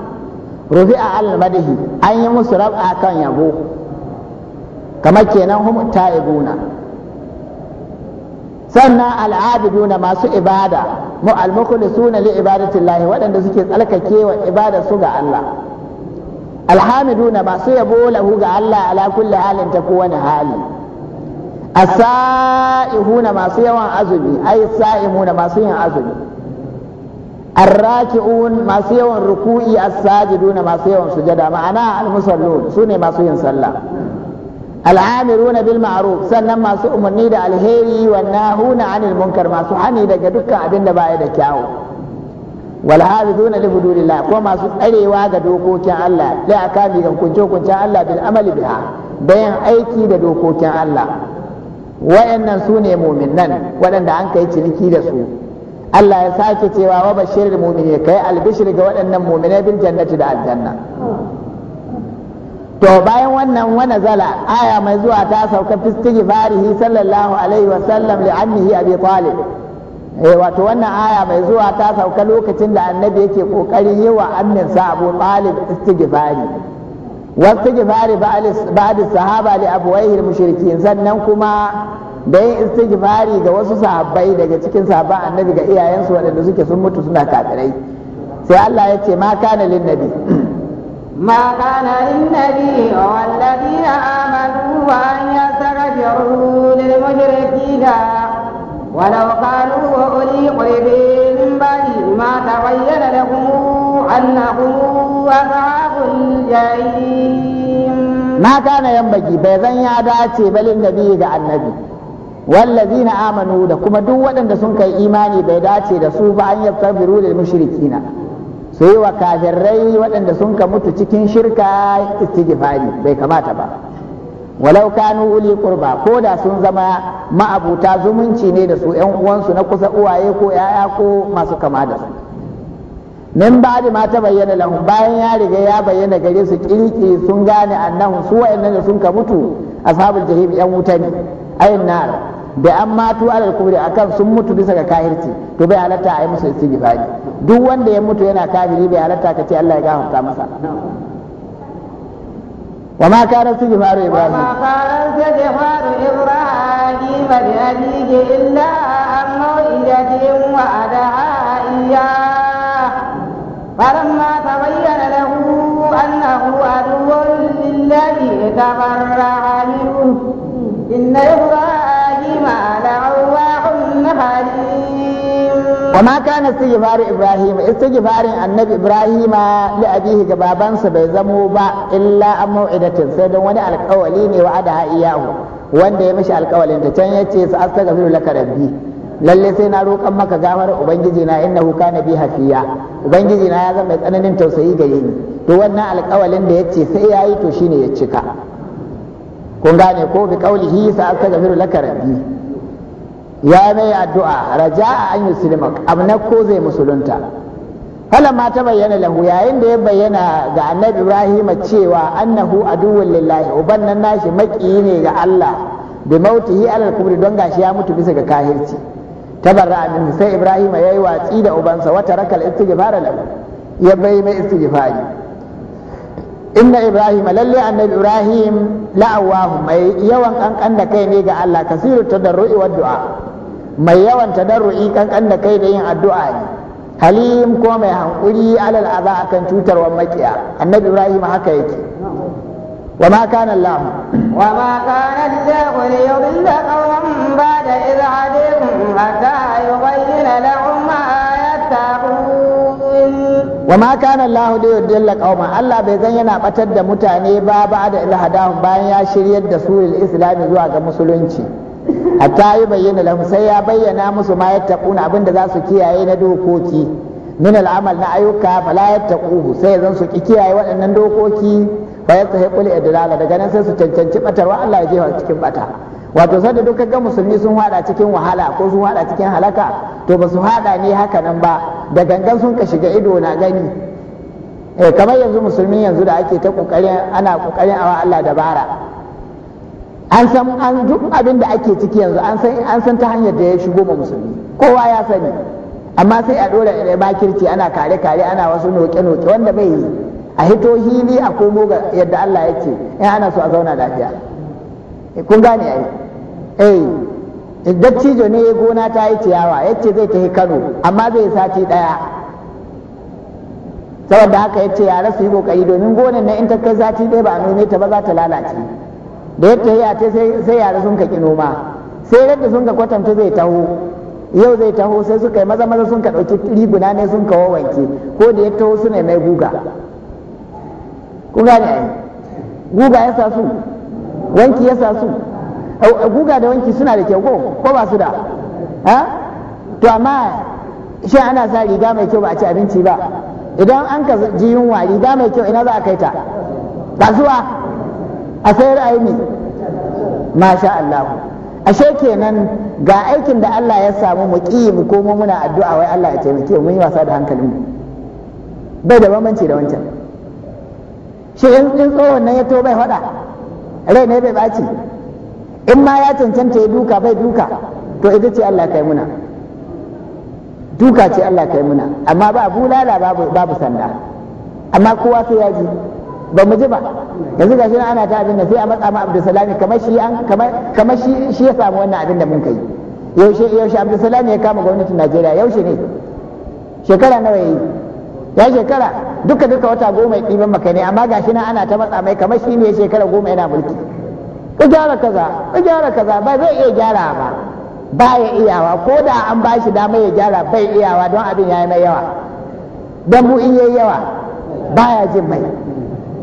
Rufi a madihi an yi musu rab'a kan yabo kamar kenan hum ta'ibuna sannan al'abiduna masu ibada mu al-mukhlisuna li ibadatillahi waɗanda suke tsalkake wa ibada su ga Allah alhamiduna masu yabo lahu ga Allah ala kulli halin ta kowane hali asa'ihuna masu yawan azumi ai sa'imuna masu yin azumi arraki'un masu yawan ruku'i as-sajidun masu yawan sujada ma'ana al-musallun sune masu yin sallah al'amiruna bil ma'ruf sannan masu umarni da alheri wa nahuna 'anil munkar masu hani daga dukkan abin da baya da kyawu wal hafizuna li hududillah ko masu tsarewa ga dokokin Allah la akami ga kunce kunce Allah bil amali biha bayan aiki da dokokin Allah wayannan sune mu'minan waɗanda an kai ciniki da su Allah ya sake cewa wa bashirul mu'mini kai albishir ga waɗannan mu'minai bil jannati da aljanna to bayan wannan wani zala, aya mai zuwa ta sauka fistighfarihi sallallahu alaihi wa sallam li annihi abi talib eh wato wannan aya mai zuwa ta sauka lokacin da annabi yake kokarin yi wa amminsa abu talib istighfari wa istighfari ba'd sahaba li abwayhi al-mushrikin sannan kuma da yin istighfari ga wasu sahabbai daga cikin sahabban annabi ga iyayensu waɗanda suke sun mutu suna kafirai sai Allah ya ce ma kana lin nabi ma kana lin nabi wal ladina amanu wa an yastaghfiru lil mushrikina ولو قالوا أولي قرب من بعد ما تبين لهم أنهم أصحاب الجحيم ما كان ينبغي بذن يا داتي بل النبي ga النبي wallazina amanu da kuma duk waɗanda sun kai imani bai dace da su ba an biru da mushrikina su yi wa kafirai waɗanda sun ka mutu cikin shirka istighfari bai kamata ba walau kanu uli qurba ko da sun zama ma'abuta zumunci ne da su ƴan uwansu na kusa uwaye ko yaya ko masu kama da su min ba ma ta bayyana lahu bayan ya riga ya bayyana gare su kirki sun gane annahu su waɗannan da sun ka mutu ashabul jahim ƴan wuta ne ayin da an matu alal a akan sun mutu bisa ga kafirci to bai halatta a yi musu istighfari duk wanda ya mutu yana kafiri bai halatta ka ce Allah ya gafarta masa وما كان استغفار إبراهيم وما ibrahim استغفار إبراهيم لأبيه فلما تبين له أنه عدو لله منه إن إبراهيم wa maka na sigi faru ibrahim ita sigi annabi ibrahima ya ga la'abihiga babansa bai zamo ba illa an mu'idatin sai dan wani alkawali ne wa'adda ha'iyaho wanda ya mishi alkawalin ta can yin ya ce su a su lallai sai na roƙa maka gamar ubangiji ban in na kuka na bi hafiya ubangiji na ya zama mai tsananin tausayi ga yi to wannan alkawalin da ya ce sai yayi to shine ya cika kunganin kofi kauli hi su a su ta gabiru ya mai addu'a Raja, a an abu na ko zai musulunta ma ta bayyana lahu yayin da ya bayyana ga annabi ibrahim cewa annahu aduwwun lillahi uban nan nashi maki ne ga allah bi mautihi alal kubri don gashi ya mutu bisa ga kahirci tabarra min sai ibrahim yayi watsi da ubansa wa taraka al istighfar lahu ya bai mai istighfar inna ibrahim lalle annabi ibrahim la'awahu mai yawan kankan da kai ne ga allah kasiru tadarru'i wa du'a mai yawan tadarru'i kankan da kai da yin addu'a ne halim ko mai hankuri alal aza akan cutarwar makiya annabi ibrahim haka yake وما كان الله وما كان الله ليضل قوما بعد إذ هديهم حتى يبين لهم ما يتقون وما كان الله ليضل Allah الله zan yana batar da mutane ba ba da ilhadahum bayan ya shiryar da su islam zuwa ga musulunci hatta yi bayyana lahu sai ya bayyana musu ma yattaqun abin da za su kiyaye na dokoki min al'amal na ayyuka fala yattaquhu sai zan su kiyaye waɗannan dokoki fa yastahiqul idlala daga nan sai su cancanci batarwa Allah ya jefa cikin bata wato sanda duka ga musulmi sun hada cikin wahala ko sun hada cikin halaka to ba su hada ne haka nan ba da gangan sun ka shiga ido na gani eh, kamar yanzu musulmi yanzu da ake ta kokarin ana kokarin awa Allah dabara an san an duk abin da ake ciki yanzu an san an san ta hanyar da ya shigo ma musulmi kowa ya sani amma sai a dora da bakirci ana kare kare ana wasu noke noke wanda bai yi a hito hili a komo ga yadda Allah ya ce in ana so a zauna lafiya eh, kun gane ai eh, eh dattijo ne ya gona ta yi ciyawa ya ce zai tafi Kano amma zai sati daya saboda haka ya ce ya rasu yi kokari domin gonan na in ta kai sati daya ba a nome ta ba za ta lalace da yadda ya ce sai yara sun ka noma sai yadda sun ka kwatanta zai taho yau zai taho sai suka yi maza maza sun ka ɗauki riguna ne sun ka wawanke ko da ya taho suna mai guga guga ne guga ya sa su wanki ya sa su guga da wanki suna da kyau ko ba su da ha to amma shi ana sa riga mai kyau ba a ci abinci ba idan an ka ji yunwa riga mai kyau ina za a kai ta kasuwa a ra'ayi ne masha Allah ashe kenan ga aikin da Allah ya samu mu ki mu komo muna addu'a wai Allah ya taimake mu yi wasa da hankalin mu bai da bambanci da wancan shi in tsohon nan ya to bai hada rai ne bai baci in ma ya cancanta ya duka bai duka to ita ce Allah kai muna duka ce Allah kai muna amma ba bulala babu babu sanda amma kowa sai ya ji ba mu ji ba yanzu gashi nan ana ta abin da sai a matsa ma Abdulsalami kamar shi an kamar kamar shi shi ya samu wannan abin da mun kai yaushe yaushe Abdulsalami ya kama gwamnatin Najeriya yaushe ne shekara nawa yayi ya shekara duka duka wata goma ya ɗiban maka ne amma gashi nan ana ta matsa mai kamar shi ne shekara goma yana mulki ku gyara kaza ku gyara kaza ba zai iya gyara ba ba ya iyawa ko da an ba shi dama ya gyara bai iyawa don abin ya yi mai yawa don mu in yayi yawa baya jin mai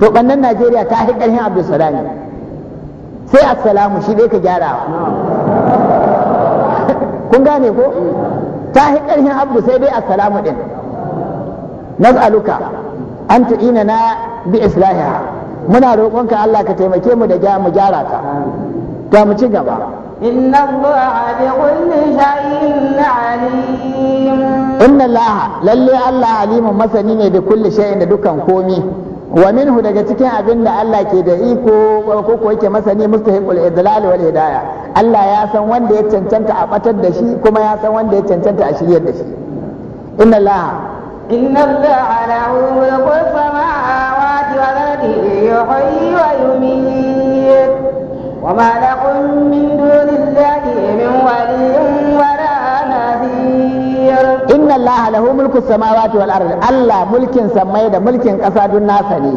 to bannan najeriya ta fi ƙarfin abdulsalami sai assalamu shi dai ka gyara kun gane ko ta fi ƙarfin abdu sai dai assalamu ɗin. nas'aluka an tu'ina na bi islahiha muna roƙonka Allah ka taimake mu da mu gyara ta ta mu ci gaba Inna Allah بكل شيء عليم إن الله للي الله عليم مسني بكل شيء wa minhu daga cikin abin da Allah ke da iko ko ko yake masani mustahiqul idlal wal hidayah Allah ya san wanda ya cancanta a batar da shi kuma ya san wanda ya cancanta a shiryar da shi inna Allah inna Allah ala mulku samawati wa ardi yuhyi wa yumiit wa ma lakum min dunillahi min waliyyin inna allaha lahu mulku samawati wal ardi allah mulkin samai da mulkin kasa dun nasa ne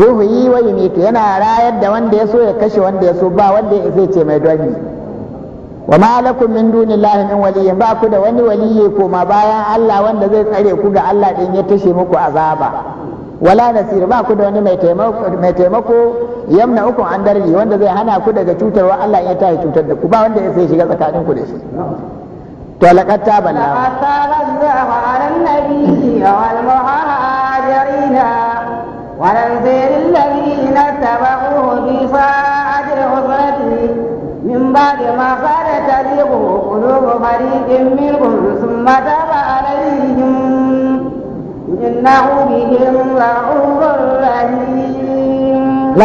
yuhyi wa yumitu yana rayar da wanda ya so ya kashe wanda ya so ba wanda ya zai ce mai dani wa ma lakum min dunillahi min waliyyin ba ku da wani waliyi ko ma bayan allah wanda zai tsare ku ga allah din ya tashe muku azaba wala nasir ba ku da wani mai taimako yamna uku an darri wanda zai hana ku daga cutarwa allah ya tashi cutar da ku ba wanda ya zai shiga tsakaninku da shi to lakar ta balla إنه بهم رعوف رحيم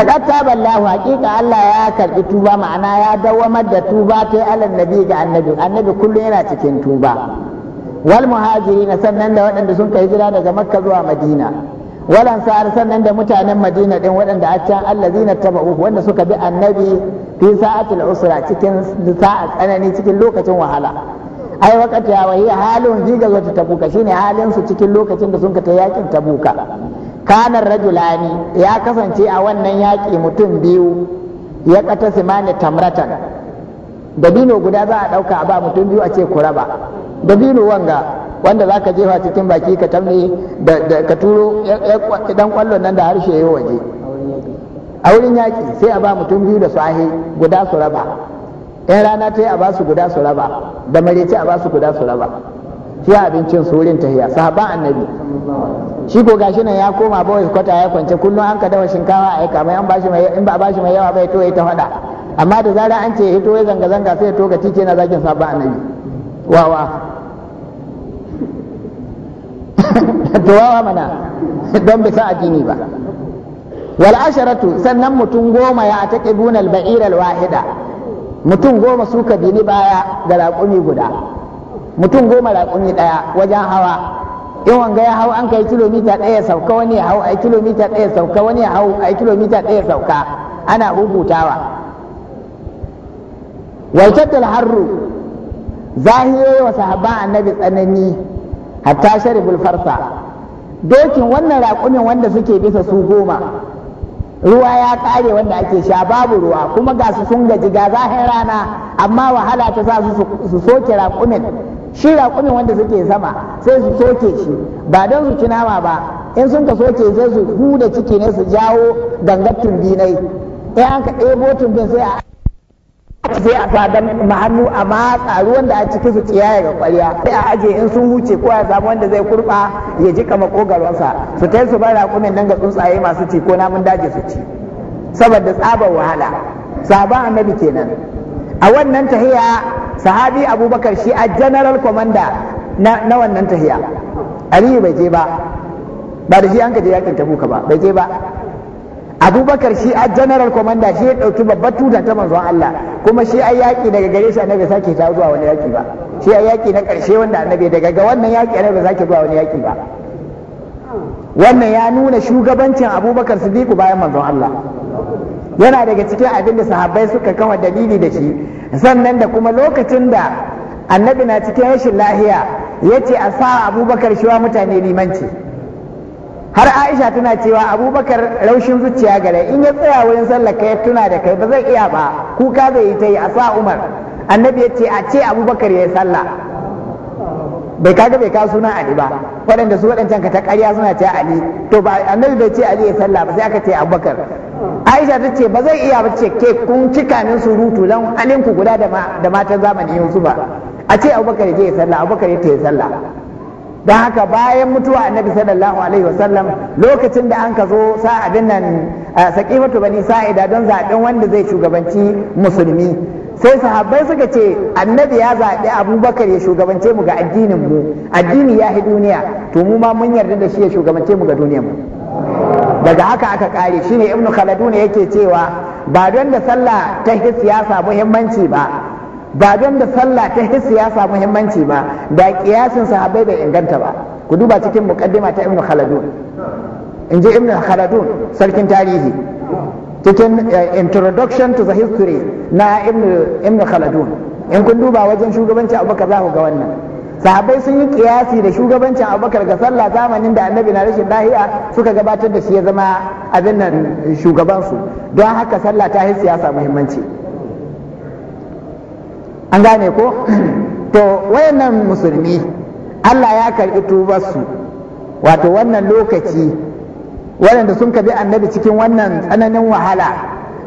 ta taballahu hakika Allah ya karɓi tuba ma'ana ya dawamar da tuba ta ala nabi ga annabi annabi kullum yana cikin tuba wal muhajirin sannan da waɗanda sun kai hijira daga makka zuwa madina wal ansar sannan da mutanen madina ɗin, waɗanda a can allazina uku. wanda suka bi annabi fi sa'atil usra cikin sa'a tsanani cikin lokacin wahala ai wakati ya hiya halun higa ta tabuka shine halin su cikin lokacin da sun ka ta yakin kanar rajulani ya kasance a wannan yaƙi mutum biyu ya ƙata simani tamratan dabino guda za a ɗauka a ba mutum biyu a ce ku raba dabino wanga wanda za ka jefa cikin baki ka tamne ka turo ɗan kwallon nan da harshe ya waje a wurin yaƙi sai a ba mutum biyu da sahi guda su raba Yan rana ta yi a ba su guda su raba da marece a ba su guda su raba shi abincin su wurin tahiya sahaban annabi shi ko gashi nan ya koma bawai kwata ya kwance kullum an ka dawa shinkawa a aika mai an bashi mai in ba bashi mai yawa bai to ita ta fada amma da zarar an ce ya to ya zanga zanga sai ya to ga tike na zakin sahaban annabi wawa to wawa mana don bai sa addini ba wal asharatu sannan mutum goma ya ataqibuna al ba'ir al wahida mutum goma su kabili baya ga raƙumi guda mutum goma raƙumi ɗaya wajen hawa in wanga ya hau an kai kilomita ɗaya sauka wani ya hau a kilomita ɗaya sauka wani ya hau a kilomita ɗaya sauka ana hubutawa waltattal harru yi wa sahabban annabi tsanani hatta shariful farsa dokin wannan raƙumin wanda suke bisa su goma ruwa ya kare wanda ake sha babu ruwa kuma ga su sun gaji ga zahin rana amma wahala ta sa su soke raƙumin shi raƙumin wanda suke sama sai su soke shi ba don su ci nama ba in sun ka soke sai su huda ciki ne su jawo gangar tumbinai in an ka ɗebo tumbin sai a sai a ma hannu a matsa ruwan da a cikin su tsiyaya ga kwarya sai a aje in sun huce ko ya samu wanda zai kurba ya ji kama kogarwarsa su tai su bar raƙumin nan ga tsuntsaye masu ci ko namun daji su ci saboda tsabar wahala sahaban annabi kenan a wannan tahiya sahabi abubakar shi a general commander na, na wannan tahiya aliyu bai je ba ba da shi an ka je yakin tabuka ba bai je ba abubakar shi a general commander shi ya ɗauki babbar tuta ta manzon Allah kuma shi a yaƙi daga gare shi annabi sake ta zuwa wani yaƙi ba shi a yaƙi na ƙarshe wanda annabi daga ga wannan yaƙi annabi sake zuwa wani yaƙi ba wannan ya nuna shugabancin abubakar sidiku bayan manzon Allah yana daga cikin abin da sahabbai suka kawo dalili da shi sannan da kuma lokacin da annabi na cikin rashin lahiya ya ce a sa abubakar shi wa mutane limanci har aisha tana cewa abubakar raushin zuciya gare in ya tsaya wurin sallah, kai tuna da kai ba zai iya ba kuka zai yi ta yi a sa umar annabi ya ce a ce abubakar ya yi sallah bai kaga bai kawo sunan ali ba waɗanda su waɗancan ka ta ƙarya suna ce ali to ba annabi bai ce ali ya sallah ba sai aka ce abubakar aisha ta ce ba zai iya ba ce ke kun cika min surutu don alinku guda da matan zamani yanzu ba a ce abubakar ya je ya sallah abubakar ya ta yi sallah Da haka bayan mutuwa annabi sallallahu alaihi wasallam lokacin da an ka zo sa abin nan saƙifatu bani sa'ida don zaɓen wanda zai shugabanci musulmi sai sahabbai suka ce annabi ya zaɓi abubakar ya shugabance mu ga addinin mu addini ya duniya to mu ma mun yarda da shi ya shugabance mu ga duniyar mu daga haka aka kare shine ibnu khaldun yake cewa ba don da sallah ta siyasa muhimmanci ba ba don sallah ta ya siyasa muhimmanci ba da kiyasin sahabbai bai inganta ba ku duba cikin mukaddima ta ibnu khaladun in ji ibnu khaladun sarkin tarihi cikin eh, introduction to the history na ibnu khaladun in kun duba wajen shugabancin abubakar za ku ga wannan Sahabai sun yi kiyasi da shugabancin abubakar ga sallah zamanin da annabi na rashin lahiya suka gabatar da shi ya zama abin nan shugabansu don haka sallah ta hi siyasa muhimmanci an gane ko to wayannan musulmi Allah ya karɓi tubarsu wato wannan lokaci waɗanda sun kabi annabi cikin wannan tsananin wahala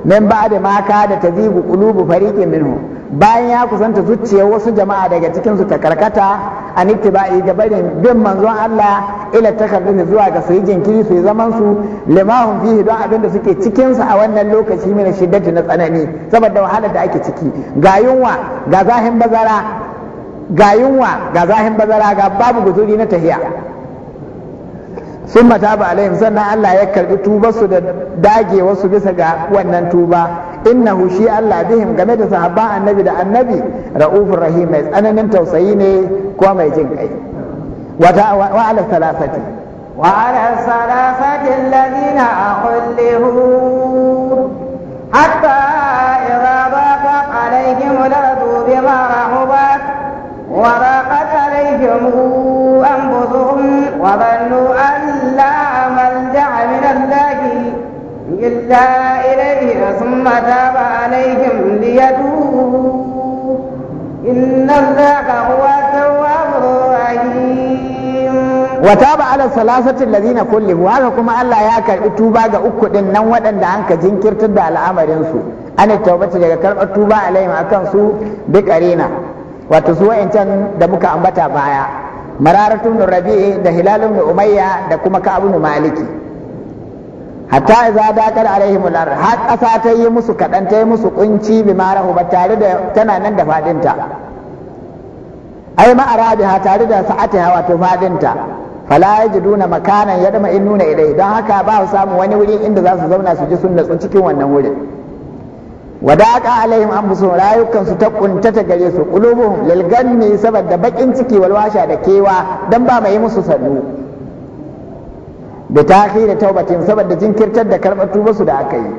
min ba da maka da tazibu qulubu fariqin minhu bayan ya kusanta zuciyar wasu jama'a daga cikin su ta karkata a ittiba'i ga barin bin manzon Allah ila ne zuwa ga su yi jinkiri su yi zaman su limahun fihi don abin da suke cikin su a wannan lokaci mai shiddati na tsanani saboda wahalar da ake ciki ga yunwa ga zahin bazara ga yunwa ga zahin bazara ga babu guzuri na tahiya sun mata ba alaihim sannan Allah ya karɓi tubarsu su da dage wasu bisa ga wannan tuba innahu shi Allah bihim game da sahabban annabi da annabi ra'ufur rahim mai tsananin tausayi ne kuma mai jin kai wata wa ala salasati wa ala salasati alladhina akhulihu hatta idza baqa alaihim lardu bima rahubat wa raqat alaihim anfusuhum wa dhannu anna إلا إليه ثم تاب عليهم ليتوبوا إن الله هو التواب الرحيم وتاب على الثلاثة الذين كلفوا هذا كما الله يا كربي توبا ga uku din nan waɗanda an ka jinkirtar da al'amarin su an taubata daga karɓar tuba alaihim akan su bi karina wato su wa'ancan da muka ambata baya mararatun rabi'i da hilalun umayya da kuma ka'abun maliki hatta iza dakar alaihim al har kasa ta yi musu kaɗan ta yi musu kunci bi marahu ba tare da tana nan da fadinta ai ma ha tare da sa'ati hawa to fadinta fala yajiduna makanan yadma nuna ilai don haka ba su samu wani wuri inda za su zauna su ji sun natsu cikin wannan wurin wadaqa alaihim anfusuhum rayukan su ta kuntata gare su qulubuhum lilganni ganni saboda bakin ciki walwasha da kewa dan ba mai musu sannu da ta'khiri taubatin saboda jinkirtar da karɓar tuba su da aka yi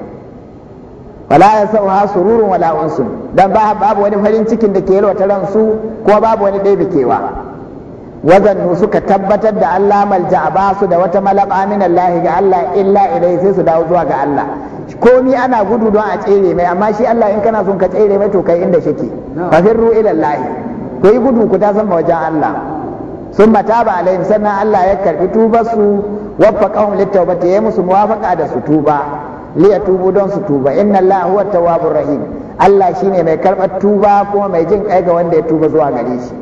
wala ya ha sururun wala unsu dan ba babu wani farin cikin da ke yalwata ransu ko babu wani ɗaya bikewa wazannu suka tabbatar da Allah malja ba su da wata malaka min Allah ga Allah illa ilai sai su dawo zuwa ga Allah komi ana gudu don a tsere mai amma shi Allah in kana son ka tsere mai to kai inda shike fa firru ila Allah ko yi gudu ku ta san wajen Allah sun mataba alaihim sannan Allah ya karbi tubar su wafa kaum littaubati ya musu muwafaka da su tuba liya tubu don su tuba inna Allah huwa tawwabur rahim Allah shine mai karbar tuba kuma mai jin kai ga wanda ya tuba zuwa gare shi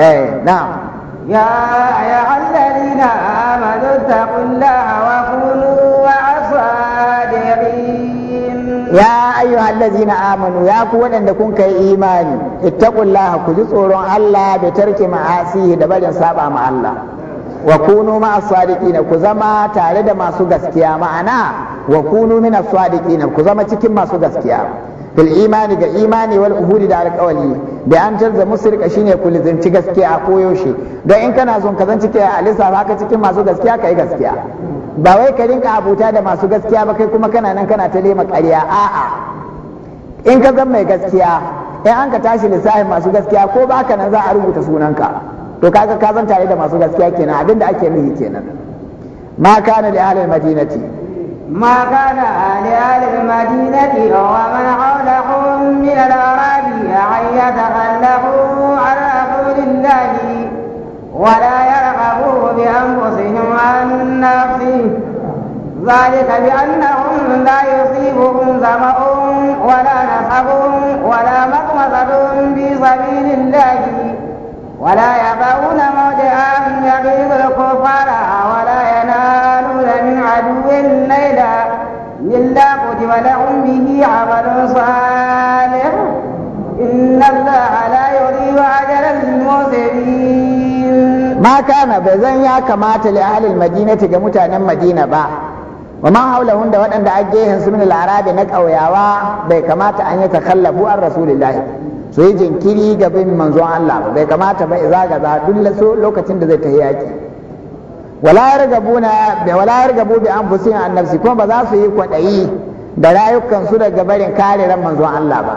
eh na ya ya allazina amanu taqullaha wa qulu wa asadirin ya ayu allazina amanu ya ku wadanda kun kai imani taqullaha ku ji tsoron Allah da tarki ma'asi da barin saba ma Allah wa kunu ma as ku zama tare da masu gaskiya ma'ana wa kunu min as ku zama cikin masu gaskiya fil imani ga imani wal uhudi da alqawli da an tarza musrika shine ku lizinci gaskiya a koyaushe don in kana son ka zan cike a lissafa haka cikin masu gaskiya kai gaskiya ba wai ka rinka abuta da masu gaskiya ba kai kuma kana nan kana ta lema ƙarya a'a in ka zan mai gaskiya in an ka tashi lissafin masu gaskiya ko baka nan za a rubuta sunanka to kaga ka zanta tare da masu gaskiya kenan abinda ake nufi kenan ma kana li ahli madinati ma kana li ahli madinati wa man hawlahum min al-arabi an yatakhallafu an qulillahi wa la yarghabu bi anfusihim an nafsihi ذلك بأنهم لا يصيبهم ظمأ ولا نصب ولا مقمصة في سبيل الله ولا يبغون موجعا يغيظ الكفار ولا ينالون من عدو ليلا إلا كتب لهم به عمل صالح إن الله لا يضيع أجر المسلمين ما كان بزن يا كمات لأهل المدينة كمتانا مدينة با wa ma haulahun da waɗanda a gehen su min al'arabi na ƙauyawa bai kamata an yi takallafu an rasulillahi su yi jinkiri ga bin manzon Allah bai kamata ba iza gaza duk lokacin da zai tafi yaki wala yargabuna bi wala yargabu bi an nafsi kuma ba za su yi kwaɗayi da rayukan su daga barin kare ran manzo Allah ba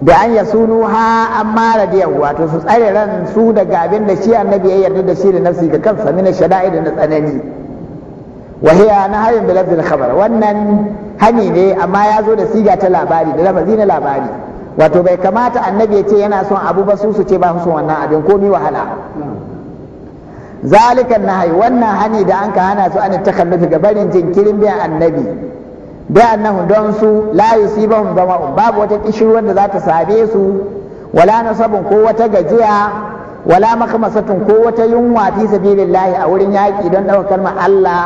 bi an ya sunu ha an mara wato su tsare ran su daga abin da shi annabi ya yarda da shi da nafsi ga kansa mina shada'i da na tsanani wahiya na da bilabdil khabar wannan hani ne amma ya zo da siga ta labari da lafazi na labari wato bai kamata annabi ya ce yana son abu ba su ce ba su wannan abin komi wahala zalikan na nahai wannan hani da an ka hana su an takallufi ga barin jinkirin biyan annabi bi annahu don su la yusibahum zama'un babu wata kishirwar da za ta same su wala nasabun ko wata gajiya wala makamasatun ko wata yunwa fi sabilillahi a wurin yaƙi don ɗaukar kalmar Allah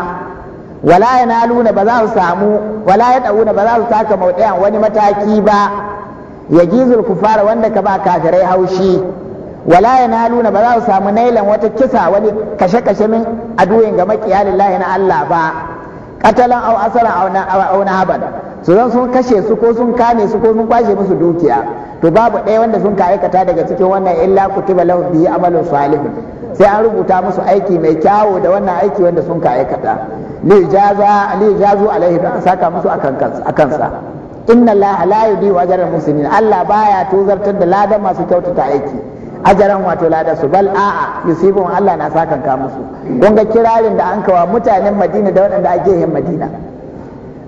wala yanaluna ba za su samu wala yadauna ba za su taka maudayan wani mataki ba ya jizul kufara wanda ka ba kafirai haushi wala yanaluna ba za su samu nailan wata kisa wani kashe-kashe min aduyin ga makiya lillahi na Allah ba katalan aw asalan aw na haban su zan sun kashe su ko sun kame su ko sun kwashe musu dukiya to babu ɗaya wanda sun ka aikata daga cikin wannan illa kutiba lahu bihi amalun salihun sai an rubuta musu aiki mai kyawo da wannan aiki wanda sun ka aikata li jaza li jazu alaihi don saka musu akan kansa inna allaha la wa ajral muslimin allah baya tozartar da ladan masu kyautata aiki ajaran wato lada su bal a'a yusibun Allah na saka ka musu kun ga kirarin da an kawa mutanen Madina da waɗanda a yin Madina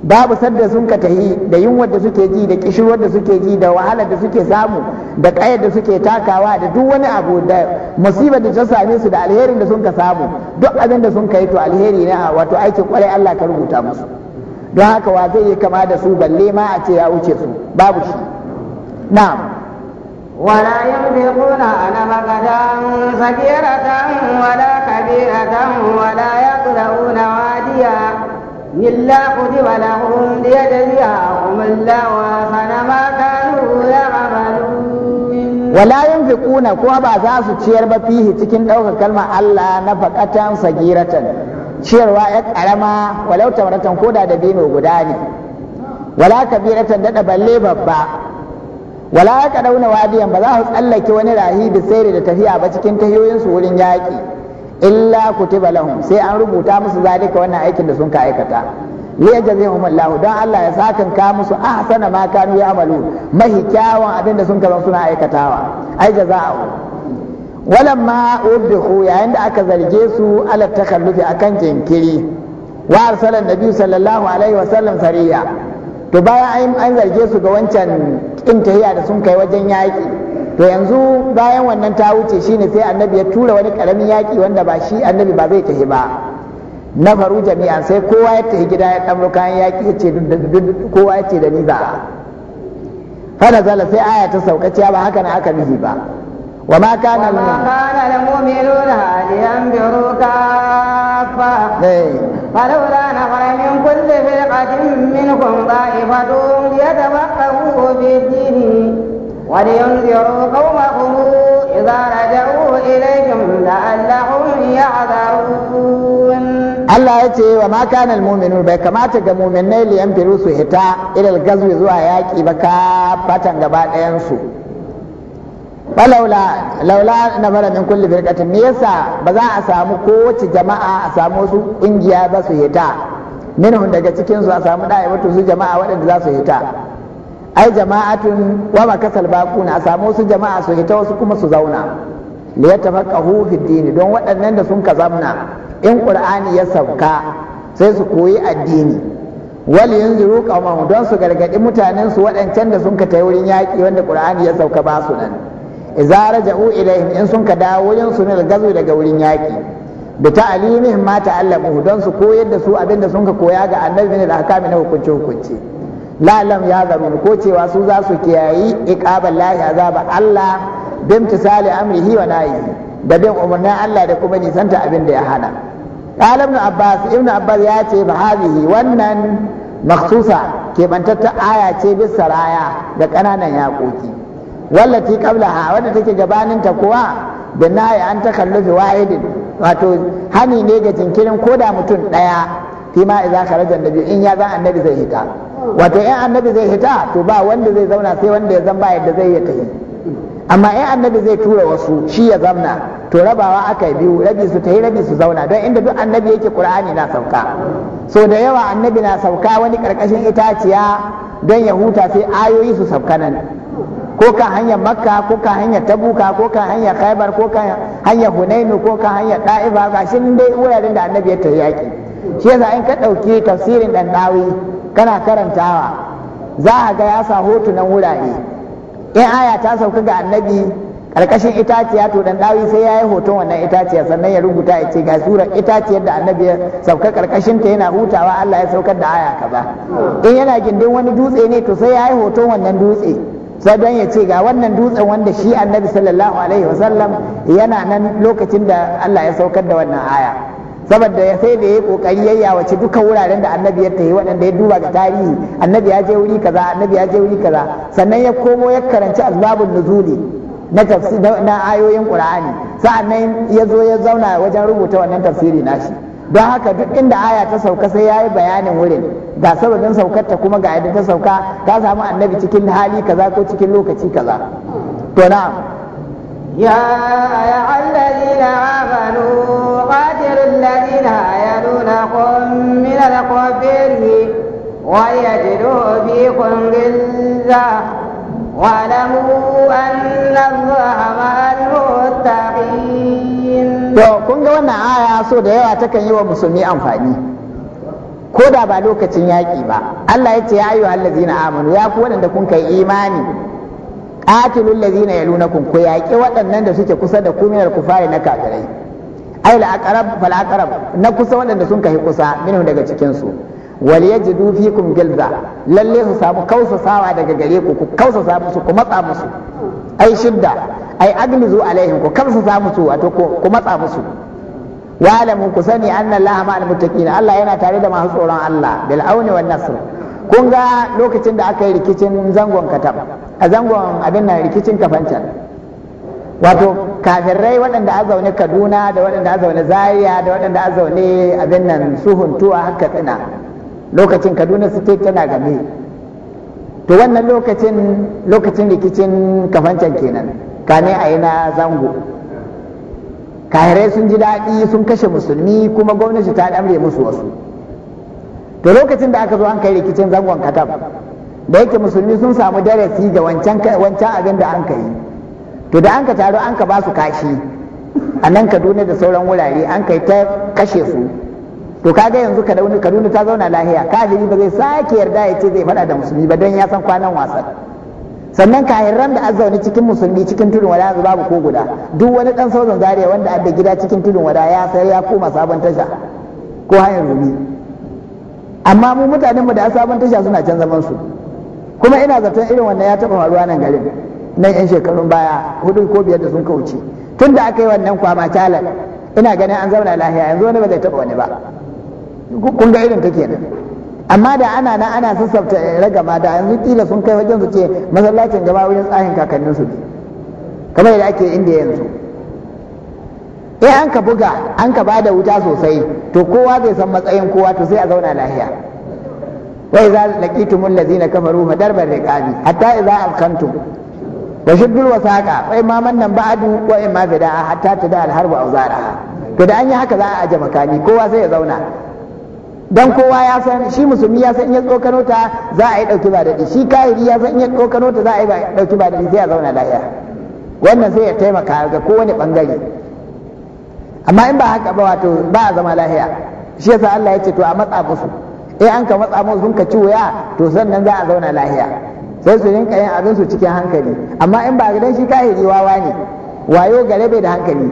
babu sadda sun ka tahi da yunwar da suke ji da kishirwar da suke ji da wahalar da suke samu da ƙayar da suke takawa da duk wani abu da musibar da ta same su da alherin da sun ka samu duk abin da sun kai to alheri na wato aikin kwarai Allah ka rubuta musu don haka wa zai yi kama da su balle ma a ce ya wuce su babu shi na'am ولا يملكون أنا مقتا صغيرة ولا كبيرة ولا يقرؤون واديا إلا كتب لهم ليجزيهم الله ما كانوا يعملون ولا ينفقون كوا za su ciyar ba fihi cikin ɗaukar kalmar Allah na faƙatan sagiratan ciyarwa ya ƙarama walau tamaratan koda da bino guda ne wala kabiratan daɗa balle babba wala ya dauna wadiyan ba za su tsallake wani rahibi sai da tafiya ba cikin su wurin yaƙi illa kutiba lahum sai an rubuta musu zalika wannan aikin da sun ka aikata liya jazihum Allah dan Allah ya sakan ka musu ahsana ma kanu ya'malu mahi kyawun abin da sun ka suna aikatawa ai jaza'u walamma udkhu yayin da aka zarge su ala takallufi akan jinkiri wa arsala nabi sallallahu alaihi wasallam sariya to bayan an zarge su ga wancan kin da sun kai wajen yaki to yanzu bayan wannan ta wuce shine sai annabi ya tura wani karamin yaki wanda ba shi annabi ba zai tafi ba na faru jami'an sai kowa ya tafi gida ya ɗan kayan yaki ya ce kowa ya ce da ni ba fana zala sai aya ta sauka saukaciya ba haka na aka nufi ba wa ma kana min kana mu'minuna hadiyan bi rukafa eh. falawla na fara min kulli firqatin minkum da'ifatun yatabaqqu bi dinihi ولينذروا قومهم إذا رجعوا إليهم لعلهم يعذرون Allah ya ce wa ma kanal mu'minu bai kamata ga mu'minai li yanfiru su hita ilal gazwi zuwa yaƙi ba ka fatan gaba ɗayan su falaula laula na fara min kulli firqatin me yasa ba za a samu kowace jama'a a samu su kungiya ba su hita minhum daga cikinsu a samu da'i wato su jama'a waɗanda za su hita ai jama'atun wa kasal baquna a samu wasu jama'a su hita wasu kuma su zauna li yatafaqahu fi dini don waɗannan da sun ka zamna in qur'ani ya sauka sai su koyi addini wal yanzuru qawman don su gargadi mutanen su waɗancan da sun ka tayi wurin yaƙi wanda qur'ani ya sauka ba su nan idza raja'u ilaihim in sun ka dawo wurin su ne gazo daga wurin yaƙi bi ta'limihim ma ta'allamu don su koyar da su abinda sun ka koya ga annabi ne da hakami na hukunci-hukunci. la'alam ya zama ko cewa su za su kiyayi iqaban lahi azaba Allah bin tisali amrihi wa nayi. da bin umarnin Allah da kuma nisanta abin da ya hana qala ibn abbas ibn abbas ya ce ba hadhihi wannan maksusa bantatta aya ce bisa raya da ƙananan yaƙoƙi wallati qablaha wanda take gabaninta kuwa da nayi an takallufi wahidin wato hani ne ga jinkirin koda mutum ɗaya fima idza kharaja annabi in ya za annabi zai hita wato in annabi zai fita to ba wanda zai zauna sai wanda ya zan ba yadda zai ya tafi amma in annabi zai tura wasu shi ya zamna to rabawa aka biyu rabi su tafi rabi su zauna don inda duk annabi yake qur'ani na sauka so da yawa annabi na sauka wani karkashin itaciya don ya huta sai ayoyi su sauka nan ko kan hanyar makka ko kan hanyar tabuka ko kan hanyar khaibar ko kan hanyar hunainu ko kan hanyar da'iba gashin dai wuraren da annabi ya tafi yaki shi yasa in ka ɗauki tafsirin ɗanɗawi kana karantawa za a ga ya sa hotunan wurare in aya ta sauka ga annabi ƙarƙashin itaciya to ɗanɗawi sai ya yi hoton wannan itaciya sannan ya rubuta ya ce ga surar itaciyar da annabi ya sauka ƙarƙashin ta yana hutawa Allah ya saukar da aya kaza in yana gindin wani dutse ne to sai ya yi hoton wannan dutse sai don ya ce ga wannan dutsen wanda shi annabi sallallahu alaihi wasallam yana nan lokacin da Allah ya saukar da wannan aya saboda ya sai da ya kokari ya yawaci duka wuraren da annabi ya tafi waɗanda ya duba ga tarihi annabi ya je wuri kaza annabi ya je wuri kaza sannan ya komo ya karanci azbabun nuzuli na tafsir na ayoyin qur'ani sa'annan ya zo ya zauna wajen rubuta wannan tafsiri nashi don haka duk inda aya ta sauka sai ya yi bayanin wurin ga sababin saukar ta kuma ga yadda ta sauka ta samu annabi cikin hali kaza ko cikin lokaci kaza to na'am يا أيها الذين آمنوا قاتلوا الذين يلونكم من الكفر ويجدوا فيكم واعلموا أن الله مع المتقين. To kun ga wannan aya so da yawa takan yi wa musulmi amfani. Ko da ba lokacin yaƙi ba, Allah ya ce ya ayyuhal ladina amanu ya fi waɗanda kun kai imani qatilul ladina yalunakum ku yaƙi waɗannan da suke kusa da ku minal kufari na kafirai ai la aqrab fal na kusa waɗanda sun kai kusa minhu daga cikin su wal yajidu fikum gilza lalle su samu kausasawa daga gare ku ku kausasa musu ku matsa musu ai shidda ai aglizu alaihim ku kausasa musu wato ku matsa musu wa'lamu ku sani anna allaha ma'al muttaqin Allah yana tare da masu tsoron Allah bil auni wan nasr kun ga lokacin da aka yi rikicin zangon katab a zangon abin nan rikicin kafancan wato kafirai waɗanda a zaune kaduna da waɗanda a zaune zaria da waɗanda a zaune abin nan suhuntuwa haka tsina lokacin kaduna ce tana game to wannan lokacin lokacin rikicin kafancan kenan kane a yi na zango kahirai sun ji daɗi sun kashe musulmi kuma gwamnati ta ɗamre musu wasu to lokacin da aka zo an kai rikicin zangon katab da yake musulmi sun samu darasi da wancan wancan abin da an kai to da an ka taro an ka ba su kashi a nan kaduna da sauran wurare an kai ta kashe su to kaga yanzu kaduna ta zauna lahiya kafiri ba zai sake yarda ya ce zai fada da musulmi ba don ya san kwanan wasan sannan kahirran da azzauni cikin musulmi cikin tudun wada yanzu babu ko guda duk wani dan sauran zaria wanda adda gida cikin tudun wada ya sai ya koma sabon tasha ko hanyar rumi amma mu mutanenmu da sabon tasha suna can zaman su kuma ina zaton irin wannan ya taba faruwa nan garin nan yan shekarun baya hudu ko biyar da sun kauce tun da aka yi wannan kwama talar ina ganin an zauna lahiya yanzu wani ba zai taba wani ba kun ga irin take nan amma da ana na ana sassafta ragama da yanzu kila sun kai wajen su ce masallacin gaba wurin tsahin kakanninsu su kamar yadda ake inda yanzu in an ka buga an ka bada wuta sosai to kowa zai san matsayin kowa to sai a zauna lahiya wa idza laqitumul ladzina kafaru fadarbar riqabi hatta idza alqantum wa shuddul wasaqa ma man nan ba'du wa imma bida'a hatta tada al harbu awzara to da an yi haka za a aje makami kowa sai ya zauna dan kowa ya san shi musulmi ya san in ya tsokano ta za a yi dauki ba dadi shi kahiri ya san in ya tsokano ta za a yi dauki ba dadi sai a zauna lahiya wannan sai ya taimaka ga kowane bangare amma in ba haka ba wato ba a zama lahiya shi yasa Allah ya ce to a matsa musu eh an ka matsa musu ka ci wuya to sannan za a zauna lahiya sai su rinka yin abin su cikin hankali amma in ba gidan shi kahiri wawa ne wayo gare bai da hankali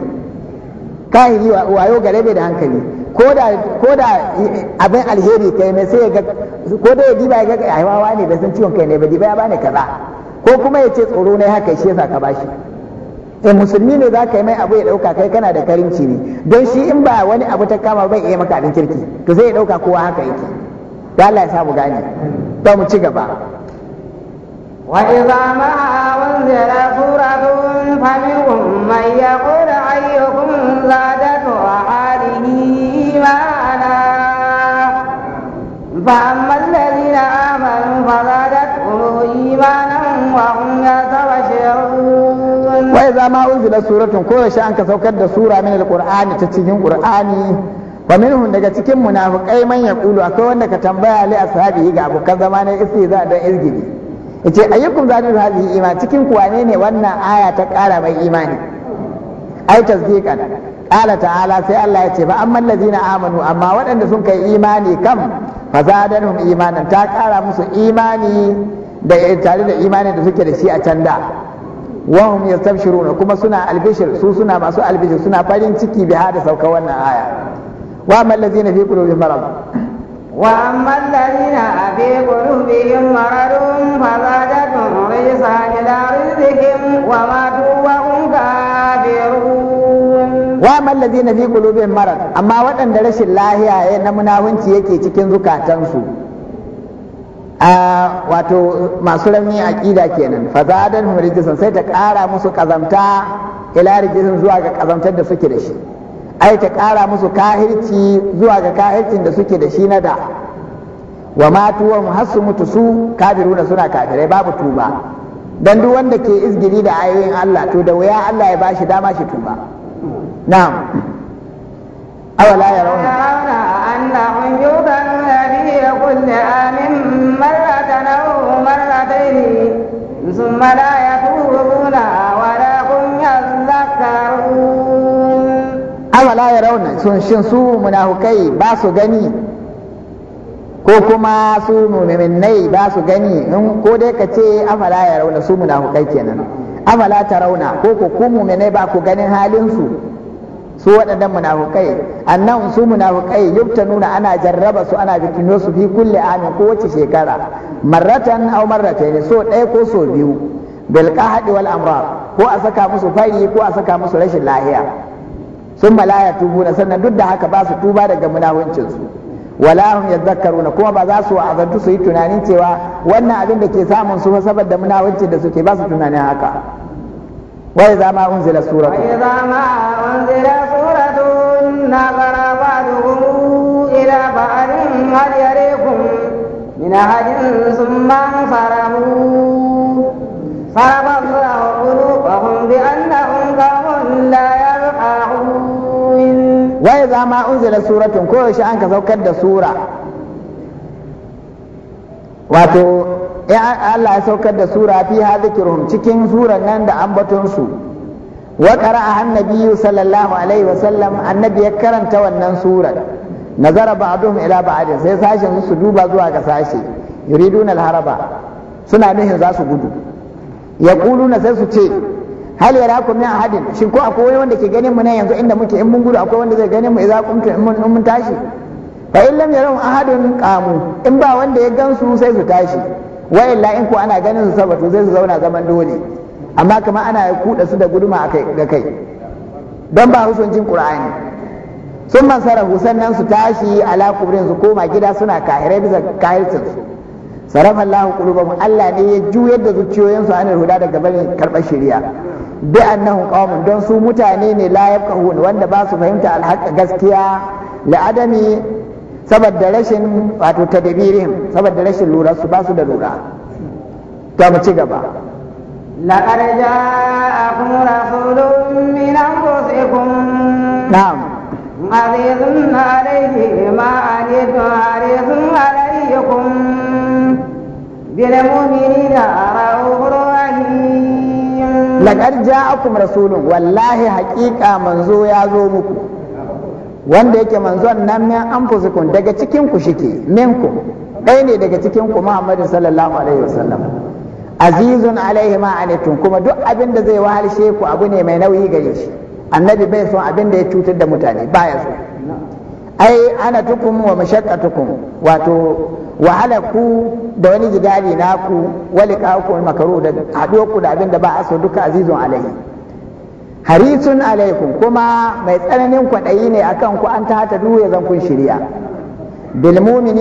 kahiri wayo gare bai da hankali ko da ko da abin alheri kai ne sai ga ko da ya diba ga ai wawa ne da san ciwon kai ne ba diba ya bane kaza ko kuma ya ce tsoro ne haka shi yasa ka bashi e musulmi ne za ka yi mai abu ya ɗauka kai kana da karinci ne don shi in ba wani abu ta kama bai iya maka abin kirki to zai ɗauka kowa haka yake da Allah ya samu gane ba mu ci gaba wa idza ma unzila suratun faminhum man yaqul ayyukum zadatu alihi imana فأما الذين آمنوا فزادتهم إيمانا وهم يتبشرون Wai za ma unzila suratun ko yaushe an ka saukar da sura min alqur'ani ta cikin qur'ani wa minhum daga cikin munafiqai man yaqulu akwai wanda ka tambaya li ashabi ga abokan zama ne za da izgidi yace ayyukum zadu hadhihi iman cikin ku wane ne wannan aya ta kara mai imani ai tasdiqan qala ta'ala sai Allah ya ce ba amman ladina amanu amma waɗanda sun kai imani kam fazadanhum imanan ta kara musu imani da tare da imanin da suke da shi a can da wa hum yastabshiruna kuma suna albishir su suna masu albishir suna farin ciki bi hada sauka wannan aya wa amma allazina fi qulubihim marad wa amma allazina fi qulubihim maradun fazadatuhum rijsan ila rizqihim wa matu wa hum kafirun wa amma allazina fi qulubihim marad amma waɗanda rashin lahiya na munawanci yake cikin zukatansu wato masu rami ƙida kenan fazadan dan rijisan sai ta ƙara musu ƙazamta ila rijisan zuwa ga ƙazamtar da suke da shi ai ta ƙara musu kahirci zuwa ga kahircin da suke da shi na da wa matu wa muhassu mutu su kafiruna suna kafirai babu tuba dan duk wanda ke izgiri da ayoyin Allah to da wuya Allah ya bashi dama shi tuba na'am awala yarawna anna ladhi yaqul amin ثم لا يتوبون ولا هم يذكرون أولا يرون سن شنسو منافقي باسو غني ko kuma su muminnai ba su gani in ko dai ka ce afala ya rauna su munafukai kenan afala ta rauna ko ko ku muminai ba ku ganin halin su su waɗannan munafukai annan su munafukai yubta nuna ana jarraba su ana bikino su fi kulle amin ko kowace shekara marratan aw marratayn so ɗaya ko so biyu bil qahdi wal amrar ko a saka musu fari ko a saka musu rashin lahiya sun malaya tubu na sannan duk da haka ba su tuba daga munafuncin su wala hum yadhakkaruna kuma ba za su wa'azantu su yi tunanin cewa wannan abin da ke samun su saboda munafuncin da suke ba su tunanin haka وإذا ما أنزل سورة وإذا ما أنزل سورة نظر بعضهم إلى بعض هل يريكم من أحد ثم انصرفوا صاب الله قلوبهم بأنهم قوم لا يفقهون وإذا ما أنزل سورة كل شيء أنك سوكت سورة wato in Allah ya saukar da sura fi ha zikirhum cikin suran nan da ambaton su wa qara annabi sallallahu alaihi wa sallam annabi ya karanta wannan sura nazara ba'dhum ila ba'd sai sashen su duba zuwa ga sashe yuridun alharaba haraba suna nuhin za su gudu yaquluna sai su ce hal yarakum min ahadin shin ko akwai wanda ke ganin mu ne yanzu inda muke in mun gudu akwai wanda zai gane mu idan kumtu in mun tashi fa in lam yarau ahadun qamu in ba wanda ya gansu sai su tashi wayan illa in ko ana ganin su sabato zai su zauna zaman dole amma kama ana kuɗa su da guduma a kai ga kai don ba su jin qur'ani sun man sarafu sannan su tashi ala kubrin su koma gida suna kahirai bisa kahircin su sarafa Allah qulubahum Allah ne ya juyar da zuciyoyin su anil huda daga barin karɓar shari'a bi annahum qawmun don su mutane ne la yafqahun wanda ba su fahimta alhaqa gaskiya la'adami saboda rashin wato tadbirin saboda rashin lura su ba su da lura ta mu ci gaba laqad ja'akum rasulun min anfusikum na'am azizun alayhi ma anittum harisun alaykum bil mu'minina ra'ufur rahim laqad ja'akum rasulun wallahi haqiqa manzo ya zo muku wanda yake manzon nan min anfusikum daga cikin ku shike minku ɗaya ne daga cikin ku Muhammadu sallallahu alaihi wasallam azizun alaihi ma anittum kuma duk abin da zai wahalshe ku abu ne mai nauyi gare shi annabi bai son abin da ya cutar da mutane baya so ai ana tukum wa mashaqqatukum wato wahala ku da wani jidali naku walika ku makaru da haduwa ku da abin da ba a so duka azizun alaihi harisun alaikum kuma mai tsananin kwaɗayi ne akan ku an ta hata duhu zan kun shirya bil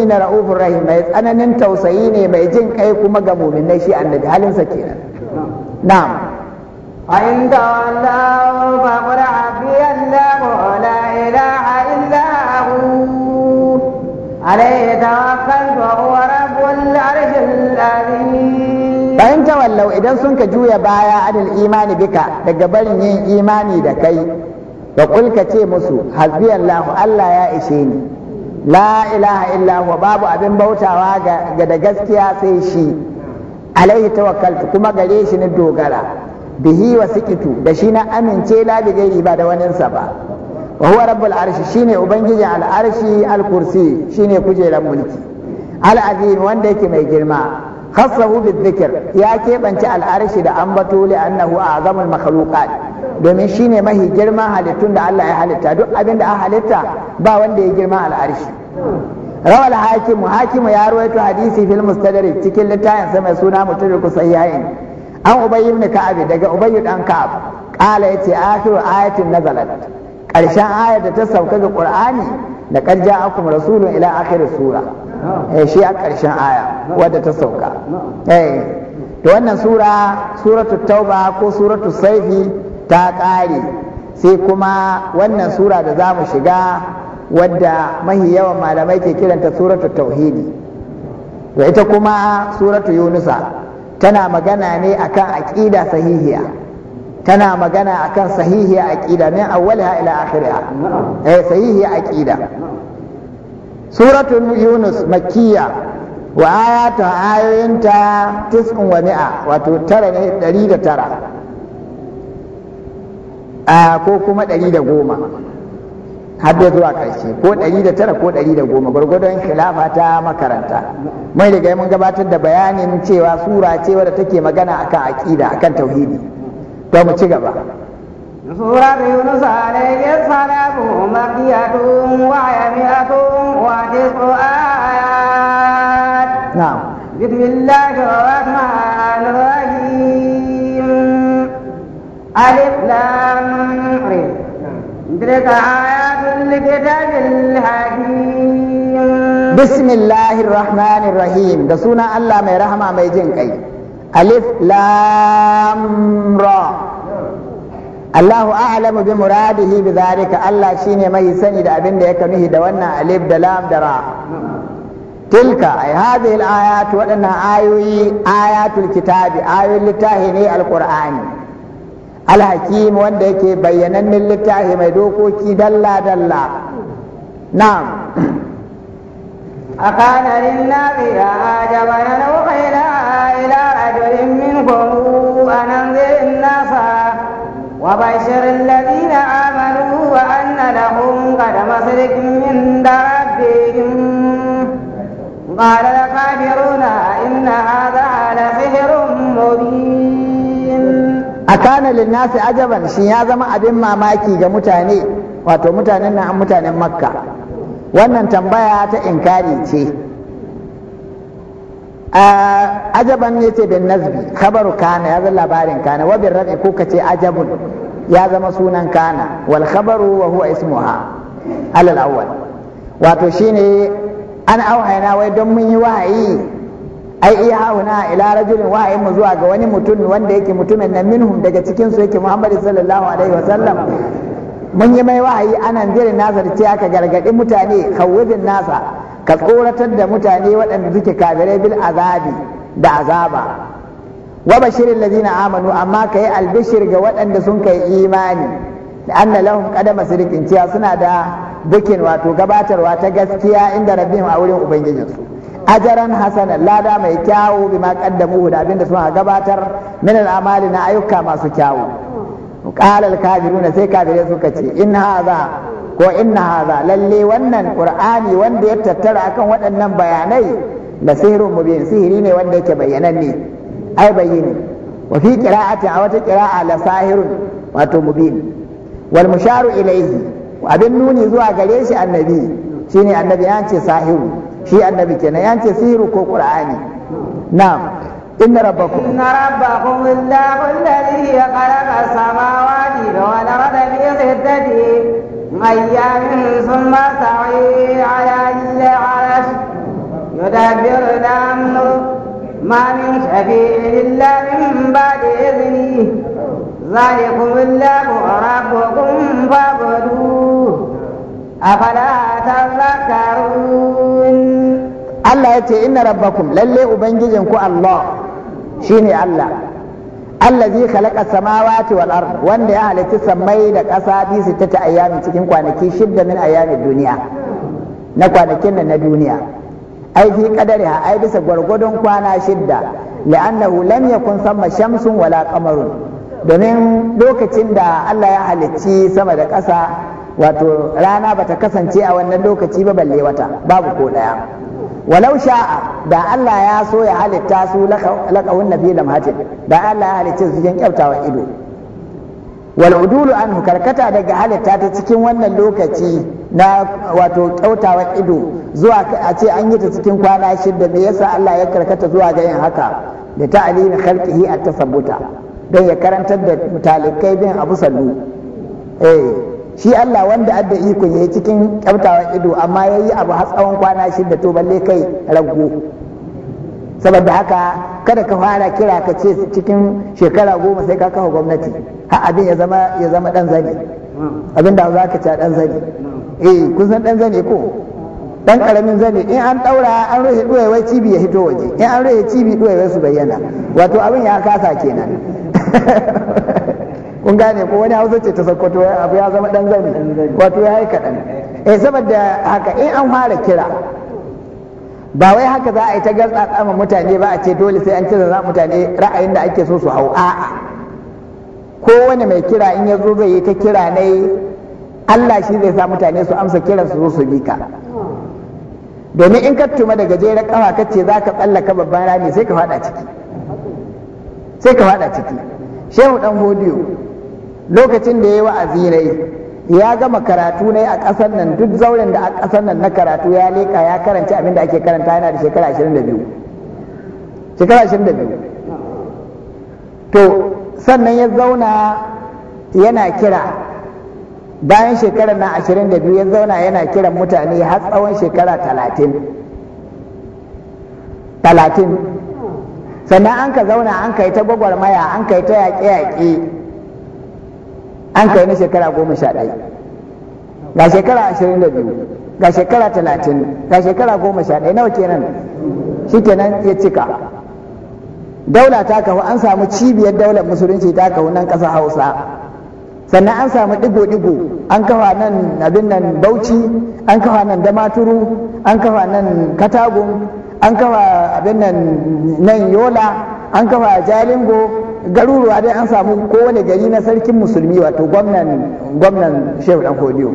na ra'ufur rahim mai tsananin tausayi ne mai jin kai kuma ga mu'minai shi annabi halinsa kenan na'am فإن تولوا فقل حسبي الله لا إله إلا هو عليه توكلت وهو رب العرش العظيم bayan tawallau idan sun ka juya baya adal imani bika daga barin yin imani da kai da kulka ce musu hasbi Allah Allah ya ishe ni la ilaha illa huwa babu abin bautawa ga da gaskiya sai shi alaihi tawakkaltu kuma gare shi ni dogara bihi wa sikitu da shi na amince la bi gairi ba da waninsa ba wa huwa rabbul arshi shine ubangijin al arshi al kursi shine kujeran mulki al azim wanda yake mai girma khassahu bizikr ya kebance al'arshi da an ambato li annahu azamul makhluqat domin shine mahi girman halittun da Allah ya halitta duk abin da a halitta ba wanda ya girma al'arshi rawa al-hakim hakimu ya rawaito hadisi fil mustadrak cikin littafin sa mai suna mutarku sayyain an ubayy ibn ka'ab daga ubayy dan ka'ab qala yace akhiru ayatin nazalat karshen ayar da ta sauka ga qur'ani da qad ja'akum rasulun ila akhir sura eh shi a ƙarshen aya wadda ta sauka eh to wannan sura suratu tauba ko suratu saifi ta ƙare sai kuma wannan sura da za mu shiga wadda mahi yawan malamai ke kiranta suratu tauhidi da ita kuma suratu yunusa tana magana ne akan aƙida sahihiya tana magana akan sahihiya aƙida min awwalha ila akhiriha eh, sahihiya aƙida suratul yunus Makiya, wa ayatu ayoyinta tis'un wa mi'a wato tara ne dari da tara a ko kuma dari da goma har zuwa ƙarshe ko dari da tara ko dari da goma gwargwadon khilafa ta makaranta mai riga mun gabatar da bayanin cewa sura ce wadda take magana akan aƙida akan tauhidi to mu ci gaba سورة يونس عليه السلام مقيتهم وعيمئتهم وتسع آيات نعم بسم الله الرحمن الرحيم ألف لام تلك آيات الكتاب الحكيم بسم الله الرحمن الرحيم دسونا الله ما رحمة ما يجنكي ألف لام را Allahu mu bi muradihi bi zalika Allah shine mai sani da abinda ya yake nuhi da wannan alif da lam da ra tilka ay hadhihi al-ayat wadannan ayoyi ayatul kitabi ayoyin littafi ne alqur'ani al-hakim wanda yake bayyanannen littafi mai dokoki dalla dalla للنبي أعجبا نوحي إلى رجل منكم أن وبشر الذين آمنوا وأن لهم قدم صدق عند ربهم قال الكافرون إن هذا لسحر مبين أكان للناس عجبا شن ما زما أبن ماماكي ga mutane wato mutanen nan mutanen makka wannan tambaya ta Ah, ajaban ne ce bin nazbi khabaru kana ya zama labarin kana wa bin rafi kuka ce ajabun ya zama sunan kana wal khabaru wa huwa ismuha alal awwal wato shine an auhaina wai don mun yi wahayi ai iya hauna ila rajulin wahayin mu zuwa ga wani mutum wanda yake mutumin nan minhum daga cikin su yake Muhammad sallallahu alaihi wasallam mun yi mai wahayi anan jirin nasa da ce aka gargadi mutane khawwibin nasa ka tsoratar da mutane waɗanda suke kafirai bil azabi da azaba wa bashirin ladina amanu amma ka yi albishir ga waɗanda sun kai imani da anna lahum qadama cewa suna da bikin wato gabatarwa ta gaskiya inda rabbihim a wurin ubangijinsu ajaran hasanan lada mai kyawu ma qaddamu da abinda suna gabatar min al'amali na ayyuka masu kyawu qala al-kafiruna sai kafirai suka ce in hadha ko inna haza lalle wannan qur'ani wanda ya tattara akan waɗannan bayanai da sihirun mubin sihiri ne wanda yake bayyananne ai bayyini wa fi qira'ati a wata qira'a la sahirun wato mubin wal musharu ilayhi abin nuni zuwa gare shi annabi shine annabi ya ce sahiru shi annabi kenan ya ce sihiru ko qur'ani na'am إن ربكم إن ربكم الله الذي خلق السماوات والأرض في ستة ميا ثم استوي على العرش يدبر الأمر ما من شفيع إلا من بعد إذنه ذلكم الله ربكم فاعبدوه أفلا تذكرون الله يتي إن ربكم للي أبنجزنكم الله شيني الله allazi khalaqa samawati wal ard wanda ya halitta sammai da ƙasa bi ta ayyami cikin kwanaki shidda min ayyamin duniya na kwanakin nan na duniya ai fi ha ai bisa gwargwadon kwana shidda li'annahu lam yakun ma shamsun wala qamarun domin lokacin da Allah ya halicci sama da ƙasa wato rana bata kasance a wannan lokaci ba balle wata babu ko daya walau sha'a da Allah ya so ya halitta su laqawun nabi da mahatin da Allah ya halitta su cikin ido wal udulu anhu karkata daga halitta ta cikin wannan lokaci na wato kyautawa ido zuwa a ce an yi ta cikin kwana shida me yasa Allah ya karkata zuwa ga haka da ta'limi khalqihi at-tasabbuta don ya karantar da mutalikai bin abu sallu eh shi Allah wanda adda iko yayi cikin kyautawa ido amma yayi abu har tsawon kwana shida to balle kai rago saboda haka kada ka fara kira ka ce cikin shekara goma sai ka kawo gwamnati ha abin ya zama ya zama dan zani abin da za ka ci dan zani, eh kun san dan zani ko dan karamin zani, in an daura an rufe wai cibi ya hito waje in an rufe cibi duwaiwai su bayyana wato abin ya kasa kenan kun gane ko wani hausa ce ta sakkwato abu ya zama dan zani wato ya yi kaɗan eh saboda haka in an fara kira ba wai haka za a yi ta gartsatsama mutane ba a ce dole sai an cire za mutane ra'ayin da ake so su hau a'a wani mai kira in ya zo zai yi ta kira ne Allah shi zai sa mutane su amsa kiran su zo su bi ka domin in ka tuma da gajeren kawa ka ce za ka tsallaka babban rami sai ka fada ciki sai ka fada ciki shehu dan hodiyo lokacin da ya yi wa'azi yi ya gama karatu yi a ƙasar nan duk zauren da a ƙasar nan na karatu ya leƙa ya karanta abin da ake karanta yana da shekara 22 shekara 22 to sannan ya zauna yana kira bayan shekara na 22 ya zauna yana kiran mutane har tsawon shekara 30 Talatin. sannan an ka zauna an ka yi ta gwagwarmaya an ka yi ta yaƙe-yaƙe an kai na shekara goma sha ɗaya ga shekara ashirin da biyu ga shekara talatin ga shekara goma sha ɗaya nawa kenan shi kenan ya cika daula ta kawo an samu cibiyar daular musulunci ta kawo nan ƙasar hausa sannan an samu digo-digo an kafa nan abin nan bauchi an kafa nan damaturu an kafa nan katagun an kafa abin nan nan yola an kafa jalingo garuruwa dai an samu kowane gari na sarkin musulmi wato gwamnan gwamnan shehu dan hodiyo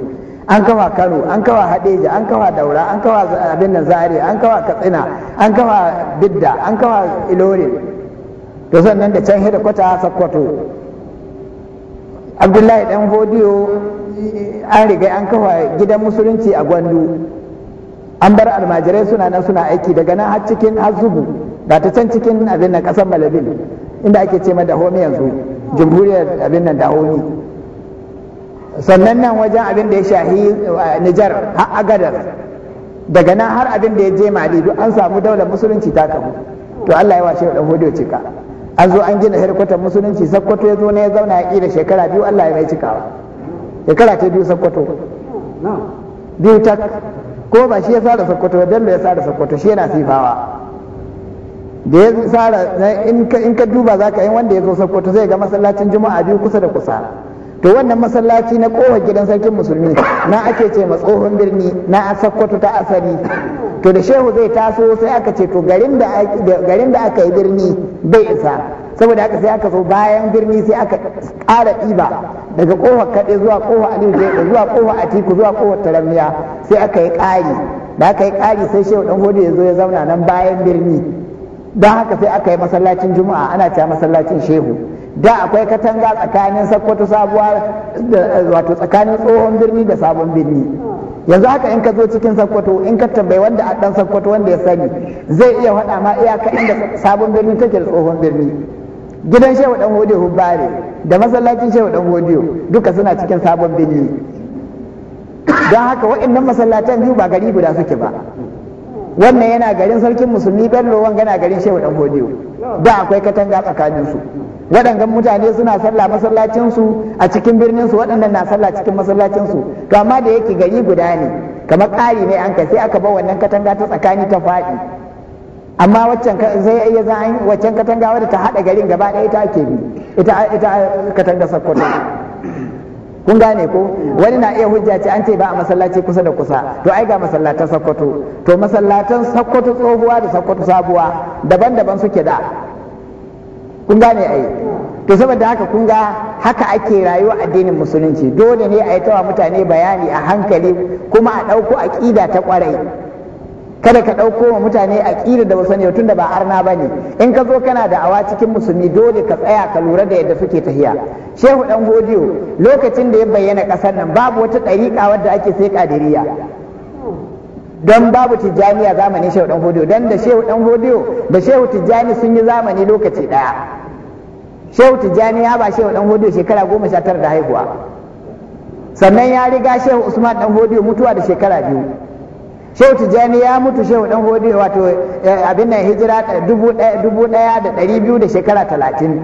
an kawa kano an kawa hadeja an kawa daura an kawa abin nan zare an kawa katsina an kawa bidda an kawa ilori to sannan da can hida kwata sakkwato abdullahi dan hodiyo an riga an kawa gidan musulunci a gwandu an bar almajirai suna nan suna aiki daga nan har cikin har zubu ba ta can cikin abin nan kasar malabin inda ake ce mada homi yanzu jamhuriyar abin nan da homi sannan nan wajen abin da ya shahi eh, nijar har agadar daga nan har abin da ya je mali duk an samu daular musulunci ta kamu to allah ya washe da hodiyo cika an zo an gina harkwatar musulunci sakkwato ya zo ne ya zauna ya ƙi da shekara biyu allah ya mai cikawa shekara ta biyu sakkwato biyu ta ko ba shi ya sa da sakkwato ya sa da sakkwato shi yana sifawa da ya tsara in ka duba za ka yi wanda ya zo sokoto zai ga masallacin juma'a biyu kusa da kusa to wannan masallaci na kowa gidan sarkin musulmi na ake ce tsohon birni na sokoto ta asali to da shehu zai taso sai aka ce to garin da aka yi birni bai isa saboda aka sai aka zo bayan birni sai aka ƙara ɗiba daga ƙofar kaɗe zuwa ƙofar aliyu zuwa atiku zuwa ƙofar taramiya sai aka yi ƙari da aka yi ƙari sai shehu ɗan hudu ya zo ya zauna nan bayan birni don haka sai aka yi masallacin juma'a ana cewa masallacin shehu da akwai katanga tsakanin sakkwato sabuwa wato tsakanin tsohon birni da sabon birni yanzu haka in ka zo cikin sakkwato in ka tambayi wanda a dan sakkwato wanda ya sani zai iya faɗa ma iyaka inda sabon birni take da tsohon birni gidan shehu dan hodiyo hubbare da masallacin shehu dan hodiyo duka suna cikin sabon birni don haka waɗannan masallatan biyu ba gari guda suke ba wannan yana garin sarkin musulmi bello wanga na garin shehu dan godiyo da akwai katanga tsakanin su waɗannan mutane suna sallah masallacin su a cikin birnin su waɗannan na sallah cikin masallacin su to amma da yake gari guda ne kamar ƙari ne an kai sai aka bar wannan katanga ta tsakani ta faɗi amma waccan sai waccan katanga wadda ta haɗa garin gaba ɗaya ita ake bi ita ita katanga sakkwato kun gane ko wani na iya hujja ce an ce ba a masallaci kusa da kusa to ai ga masallatan sakkwato to masallatan sakkwato tsohuwa da sakkwato sabuwa daban-daban suke da kun gane ai to saboda haka kun ga haka ake rayuwa addinin musulunci dole ne a yi tawa mutane bayani a hankali kuma a ɗauko aƙida ta ƙwarai kada ka ɗauko wa mutane aƙida da ba tun tunda ba arna ba ne in ka zo kana da awa cikin musulmi dole ka tsaya ka lura da yadda suke tahiya shehu dan godiyo lokacin da ya bayyana ƙasar nan babu wata ɗariƙa wadda ake sai ƙadiriya don babu a zamanin shehu dan godiyo don da shehu dan godiyo da shehu tijjani sun yi zamani lokaci ɗaya shehu tijjani ya ba shehu dan godiyo shekara goma sha tara da haihuwa sannan ya riga shehu usman dan godiyo mutuwa da shekara biyu sau tijjani ya mutu shehu dan hodi wato eh, abin nan hijira dubu daya da dari biyu da shekara talatin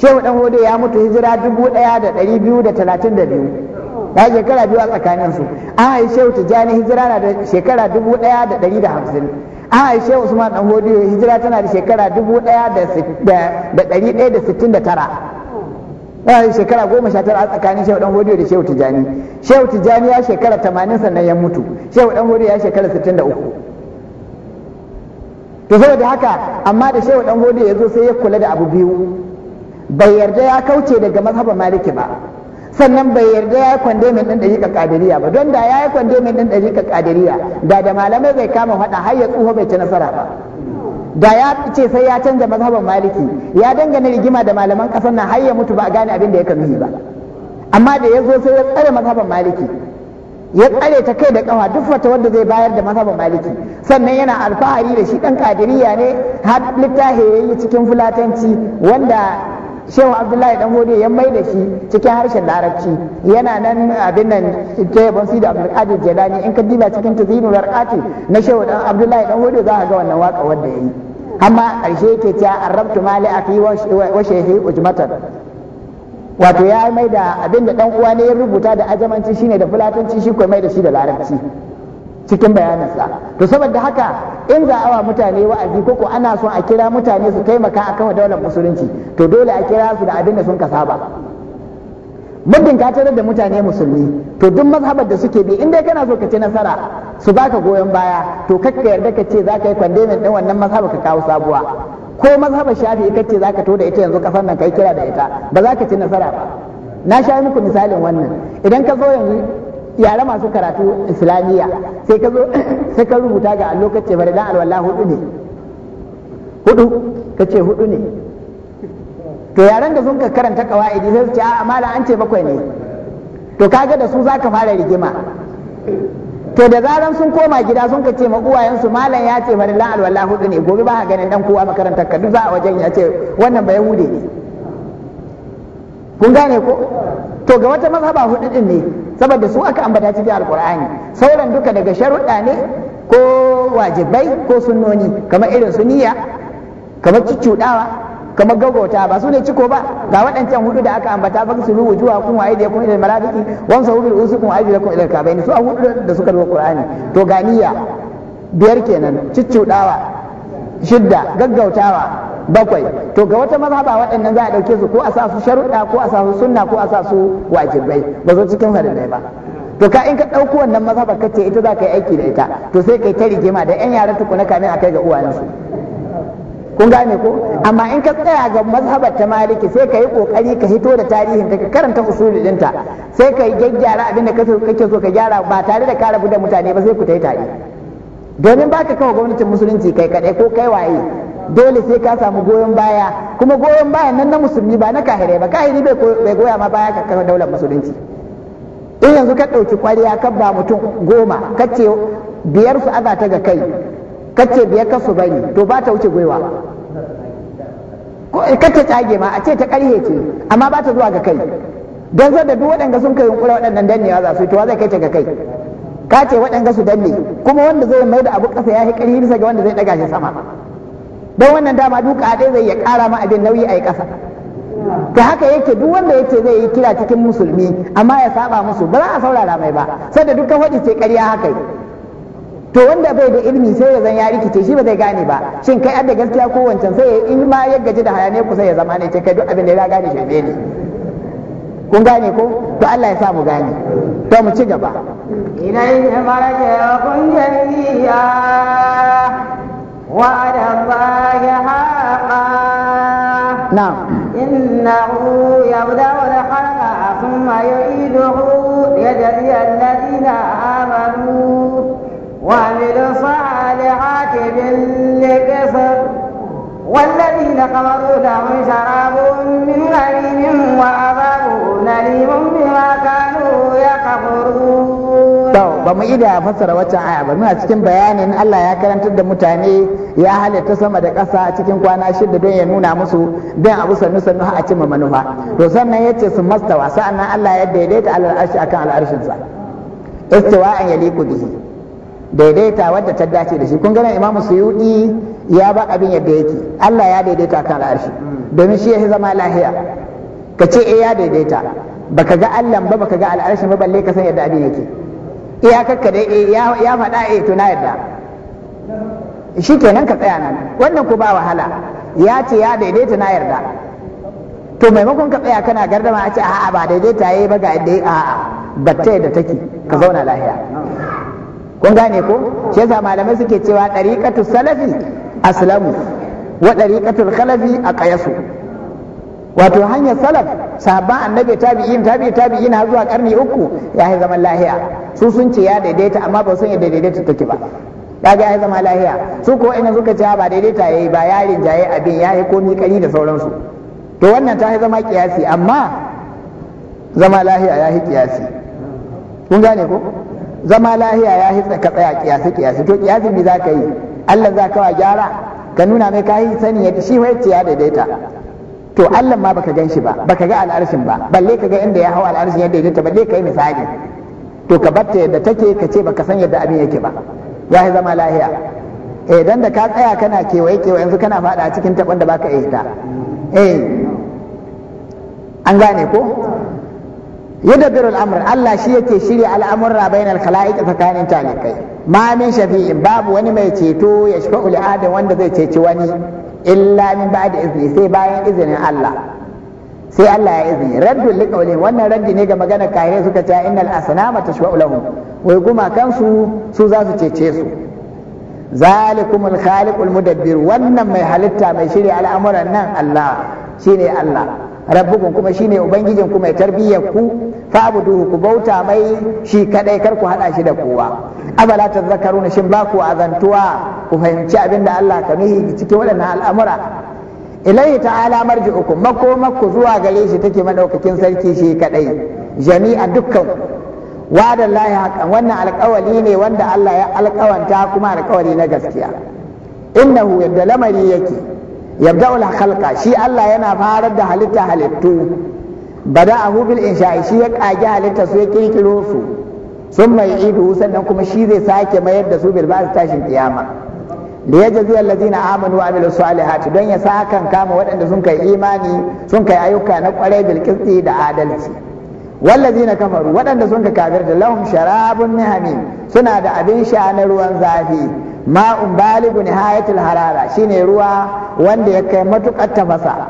shehu dan hodi ya mutu hijira dubu daya da dari biyu da talatin da biyu da shekara biyu a tsakaninsu an haifi shehu tijjani hijira na da shekara dubu daya da dari da hamsin an haifi shehu usman dan hodi hijira tana da shekara dubu daya da dari daya da sittin da tara shekara goma sha tara a tsakanin shehu dan godiyo da shehu Tijjani. shehu tijani ya shekara tamanin sannan ya mutu shehu dan godiyo ya shekara sittin da uku to saboda haka amma da shehu ɗan godiyo ya zo sai ya kula da abu biyu bai yarda ya kauce daga mazhaban maliki ba sannan bai yarda ya yi kwandemin ɗin ɗariƙa ƙadiriya ba don da ya yi kwandemin ɗin ɗariƙa ƙadiriya da da malamai bai kama faɗa har ya tsuho bai ci nasara ba da ya ce sai ya canza mazhaban maliki ya dangane rigima da malaman kasar nan har ya mutu ba a gane abin da ya nuhi ba amma da ya zo sai ya tsare mazhaban maliki ya tsare ta kai da kawa duk wata wanda zai bayar da mazhaban maliki sannan yana alfahari da shi dan kadiriya ne har littafi yayi cikin fulatanci wanda shehu abdullahi dan gode ya mai da shi cikin harshen larabci yana nan abin nan ta yabon sida abdulkadir jadani in ka diba cikin tazinu arqati na shehu dan abdullahi dan gode za ka ga wannan waka wanda yayi amma ƙarshe yake cewa arabtu mali afi wa shehi ujmatan wato ya mai da abin da dan uwa ne ya rubuta da ajamanci shine da fulatanci shi kuma mai da shi da larabci cikin bayaninsa to saboda haka in za a awa mutane wa'azi koko ana so a kira mutane su taimaka akan daular musulunci to dole a kira su da abin da sun kasaba saba muddin ka tarar da mutane musulmi to duk mazhabar da suke bi in dai kana so ka ci nasara su baka goyon baya to ka yarda ka ce zaka yi kwandemin din wannan mazhabar ka kawo sabuwa ko mazhabar shafi'i za zaka to da ita yanzu kasar nan kai kira da ita ba za ka ci nasara ba na sha muku misalin wannan idan ka zo yanzu yare masu karatu islamiyya sai ka zo sai ka rubuta ga allo kace bari dan alwala hudu ne hudu kace hudu ne to yaren da sun ka karanta kawaidi sai su ce a mala an ce bakwai ne to kaga da su zaka fara rigima to da zaran sun koma gida sun ka ce ma uwayensu malam ya ce marillan alwala hudu ne gobe ba ka ganin dan kowa makarantar ka duk za a wajen ya ce wannan ba yahude ne kun gane ko to ga wata mazhaba hudu din ne saboda su aka ambata cikin alkur'ani sauran duka daga sharuɗa ne ko wajibai ko sunnoni kamar irin su niyya kamar cuccuɗawa kamar gaggauta ba su ne ciko ba ga waɗancan hudu da aka ambata ba su rubu juwa kun waye da kun ilal malaiki wan sa hudu usukum kun da kun ilal kabaini su a hudu da suka ruwa qur'ani to ganiya biyar kenan ciccudawa shidda gaggautawa bakwai to ga wata mazhaba waɗannan za a ɗauke su ko a sa su sharuɗa ko a sa su sunna ko a sa su wajibai ba zo cikin farillai ba to ka in ka ɗauko wannan mazhabar kace ita za ka yi aiki da ita to sai kai ta rigima da 'yan yara tukuna kamin a kai ga uwayensu kun gane ko amma in ka tsaya ga mazhabar ta maliki sai ka yi kokari ka hito da tarihin ka karanta usuli dinta sai ka gyaggyara abin da kake so ka gyara ba tare da ka rabu da mutane ba sai ku tai tare domin baka kawo gwamnatin musulunci kai kadai ko kai waye dole sai ka samu goyon baya kuma goyon bayan nan na musulmi ba na kahire ba kahiri bai goya ma baya ka kawo daular musulunci in yanzu ka ɗauki kwariya ka ba mutum goma ka ce biyar su azata ga kai kace biyar kasu bari to ba ta wuce gwiwa eh, kace tsage ma a ce ta karhe ce amma ba ta zuwa ga kai don da duk waɗanda sun kai yunkura waɗannan dannewa za su yi to zai kai ta ga kai ka ce waɗanda su danne kuma wanda zai mai da abu ƙasa ya yi ƙarfi bisa ga wanda zai ɗaga shi sama don wannan dama duka ɗaya zai ya ƙara ma abin nauyi a yi ƙasa haka yake duk wanda yake zai yi kira cikin musulmi amma ya saba musu ba za a saurara mai ba sai da dukkan faɗi ce ƙarya haka to wanda bai da ilimi sai ya zan ya rikice shi ba zai gane ba shin kai adda gaskiya ko wancan sai in ma ya gaji da hayane ku sai ya zama ne kai duk abin da ya gane shi ne kun gane ko to Allah ya sa mu gane to mu ci gaba ilaihi ya jami'a wa ala ya haqa na'am innahu yabda'u wa khalqa thumma yu'iduhu yajzi alladhina amanu وعملوا الصالحات بالنكسر والذين كفروا لهم شراب من غريم وعذاب أليم بما كانوا يكفرون ba mu ida fassara waccan aya ba muna cikin bayanin Allah ya karantar da mutane ya halitta sama da ƙasa cikin kwana shida don ya nuna musu don abu sannu sannu a cimma manufa to sannan ya ce su mastawa sa'annan Allah ya daidaita alal arshi akan al'arshinsa istiwa an yaliku bihi daidaita wadda ta dace da shi kun gane imamu suyudi ya ba abin yadda yake Allah ya daidaita kan arshi domin shi ya zama lahiya ka ce eh ya daidaita baka ga Allah ba baka ga al'arshi ba balle ka san yadda abin yake iyakarka dai eh ya ya faɗa eh to na yadda shi kenan ka tsaya nan wannan ku ba wahala ya ce ya daidaita na yarda to maimakon ka tsaya kana gardama a ce a'a ba daidaita yayi ba ga yadda a'a batta da take ka zauna lahiya kun gane ko shi yasa malamai suke cewa ɗariƙatu salafi aslamu wa ɗariƙatul khalafi a ƙayasu wato hanyar salaf sahabban annabi tabi'in tabi'in tabi'in har zuwa karni uku ya yi zaman lahiya su sun ce ya daidaita amma ba sun yadda daidaita take ba ga ya yi zama lahiya su ko ina suka ce ba daidaita ya yi ba ya rinjaye abin ya yi komi kari da sauransu to wannan ta yi zama kiyasi amma zama lahiya ya yi kiyasi kun gane ko zama lahiya ya yi ka tsaya kiyasi kiyasi to kiyasi mi za yi Allah za ka wa gyara ka nuna mai kayi sani ya shi wai ya daidaita to Allah ma baka gan shi ba baka ga al'arshin ba balle ka ga inda ya hau al'arshin ya daidaita balle ka yi misali to ka batta yadda take ka ce baka san yadda abin yake ba ya zama lahiya eh dan da ka tsaya kana kewaye kewaye yanzu kana fada cikin taban da baka ta eh an gane ko yudabbiru biru Allah shi yake shirya al'amurra bainal khalaiq tsakanin talikai ma min shafi'in babu wani mai ceto ya shafa li adam wanda zai ceci wani illa min ba'da izni sai bayan izinin Allah sai Allah ya izini raddu liqawli wannan raddi ne ga magana kare suka ce innal asnama tashfa'u lahum wai guma kansu su za su cece su zalikumul khaliqul mudabbir wannan mai halitta mai shirya al'amuran nan Allah shine Allah rabbukun kuma shine ubangijin kuma ya tarbiyyar ku fa abuduhu ku bauta mai shi kaɗai kar ku hada shi da kowa abala tazakkaruna shin ba ku azantuwa ku fahimci abin da Allah ka nuhi cikin waɗannan al'amura ilaihi ta'ala marji'ukum mako zuwa gare shi take madaukakin sarki shi kadai jami'a dukkan wadan lahi haqqan wannan alƙawari ne wanda Allah ya alƙawanta kuma alƙawari na gaskiya innahu yadda lamari yake yabda'ul khalqa shi Allah yana farar da halitta halittu bada'ahu bil insha'i shi ya kage halitta su ya kirkiro su sun mai idu sannan kuma shi zai sake mayar da su bil ba'd tashin kiyama da ya jazi allazina amanu wa amilu salihati don ya sakan kama waɗanda sun kai imani sun kai ayyuka na kwarai bil da adalci na kafaru waɗanda sun ka kafir da lahum sharabun min suna da abin sha na ruwan zafi ma'un baligu nihayatul harara shine ruwa wanda ya kai matukar tafasa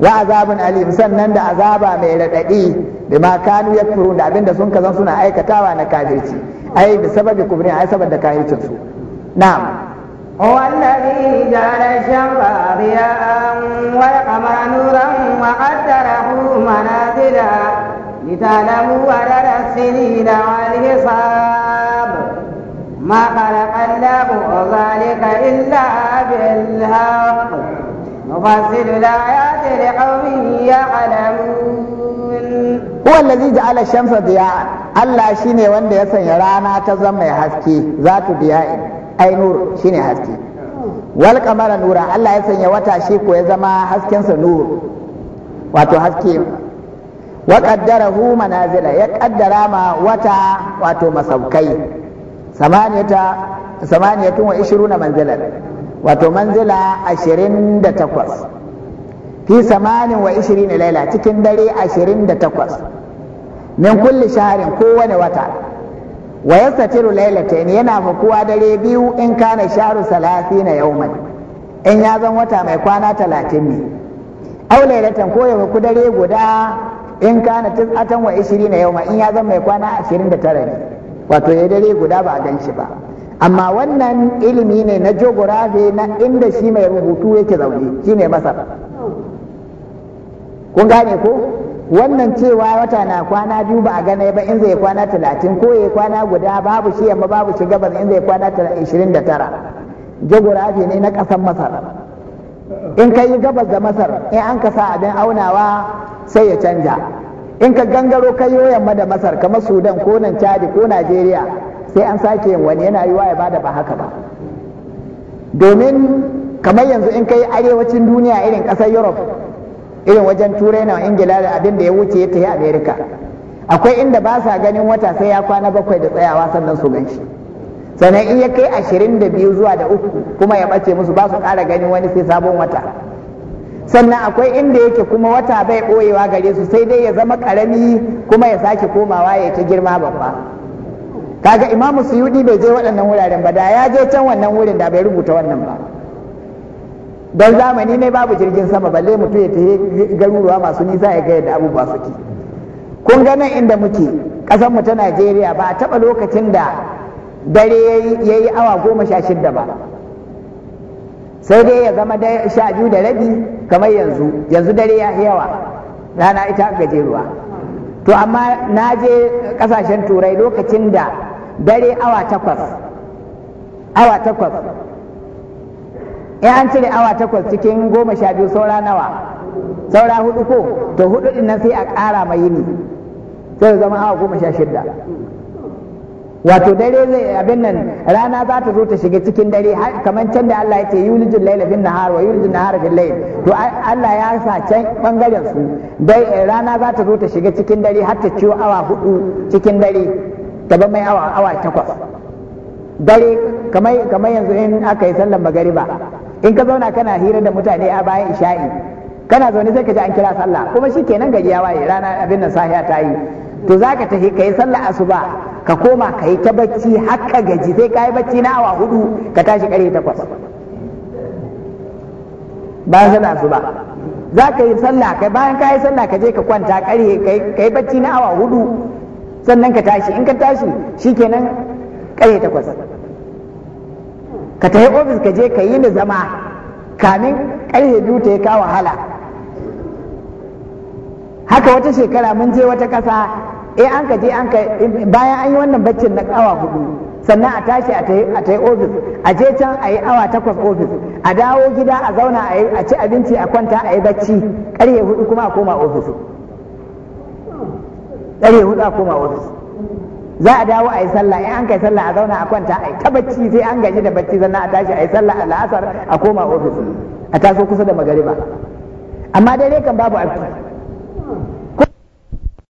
wa azabun alim sannan da azaba mai raɗaɗi da ma kanu ya furu da abinda sun kaza suna aikatawa na kafirci ai da sababi kubrin ai saboda kafircin su na'am والذي جعل الشمس ضياء والقمر نورا وقدره منازلا لتعلموا عدد السنين والحساب ما خلق الله ذلك إلا بالحق نفصل الآيات لقوم يعلمون هو الذي جعل الشمس ضياء Allah shi ne wanda ya sanya rana ta zama mai haske za ta biya ai nur shi ne haske wal kamara nura Allah ya sanya wata shi ko ya zama haskensa nur wato haske wa qaddarahu manazila ya qaddara ma wata wato masaukai samaniyatun wa na manzilan wato manzila ashirin da takwas fi samanin wa ishirin laila cikin dare ashirin da takwas min kulli shaharin kowane wata wa yastatiru ne yana fakuwa dare biyu in kana sharu salafi na yauman in ya zan wata mai kwana talatin ne au lailatan ko ya faku dare guda in kana tis'atan wa ishirin na yauma in ya zan mai kwana ashirin da tara ne wato ya dare guda ba a gan shi ba amma wannan ilimi ne na geography na inda shi mai rubutu yake zaune shi ne masar kun gane ko wannan cewa wata na kwana biyu ba a gane ba in zai kwana talatin ko ya kwana guda babu shi yamma babu shi gabas in zai kwana ishirin da tara geography ne na ƙasar masar in ka yi gabas da masar in an ka sa abin aunawa sai ya canja in ka gangaro ka yi yamma da masar kamar sudan ko nan chadi ko najeriya sai an sake yin wani yana yiwa ya bada ba haka ba domin kamar yanzu in ka yi arewacin duniya irin ƙasar europe irin wajen turai na ingila da abin da ya wuce ya tafi america akwai inda ba sa ganin wata sai ya kwana bakwai da tsayawa sannan su gan shi sannan in ya kai ashirin da biyu zuwa da uku kuma ya ɓace musu ba su ƙara ganin wani sai sabon wata sannan akwai inda yake kuma wata bai ɓoyewa gare su sai dai ya zama ƙarami kuma ya sake komawa ya ta girma babba kaga imamu suyudi bai je waɗannan wuraren ba da ya je can wannan wurin da bai rubuta wannan ba don zamani ne babu jirgin sama balle mutum ya tafi garuruwa masu nisa ya ga yadda abubuwa suke kun ganin inda muke ƙasar mu ta najeriya ba a taɓa lokacin da dare ya yi awa goma sha shidda ba sai dai ya zama da sha biyu da rabi kamar yanzu yanzu dare ya yawa rana ita gajeruwa to amma na je kasashen turai lokacin da dare awa takwas awa takwas in an cire awa takwas cikin goma sha biyu saura nawa saura hudu ko to hudu din nan sai a ƙara mai yini sai zama awa goma sha shida wato dare zai abin nan rana za ta zo ta shiga cikin dare kamar can da Allah ya ce yulijin laila bin nahar wa yulijin nahar bin layl to Allah ya sa can bangaren su dai eh, rana za ta zo ta shiga cikin dare har ta ciwo awa hudu cikin dare ba mai awa awa takwas dare kamar kamar yanzu in aka yi sallar magariba in ka zauna kana hira da mutane a bayan isha'i kana zaune sai ka ji an kira sallah kuma shi gari ya waye rana abin nan sahiya ta yi to za ka tafi ka yi sallah asuba ka koma ka yi ta bacci har ka gaji sai ka yi bacci na awa hudu ka tashi kare takwas bayan sallah asuba za ka yi sallah kai bayan ka yi sallah ka je ka kwanta kare ka yi bacci na awa hudu sannan ka tashi in ka tashi shikenan kare takwas ka tafi ofis ka je ka yi ni zama kamin karfe biyu ta yi ka wahala haka wata shekara mun je wata ƙasa eh an ka je an ka bayan an yi wannan baccin na awa hudu sannan a tashi a ta yi ofis a je can a yi awa takwas ofis a dawo gida a zauna a ci abinci a kwanta a yi bacci karye hudu kuma a koma ofis ƙarye hudu a koma ofis za a dawo a yi sallah in an kai sallah a zauna a kwanta a yi ta bacci sai an gaji da bacci sannan a tashi a yi sallah a la'asar a koma ofis a taso kusa da magariba amma dai kan babu aiki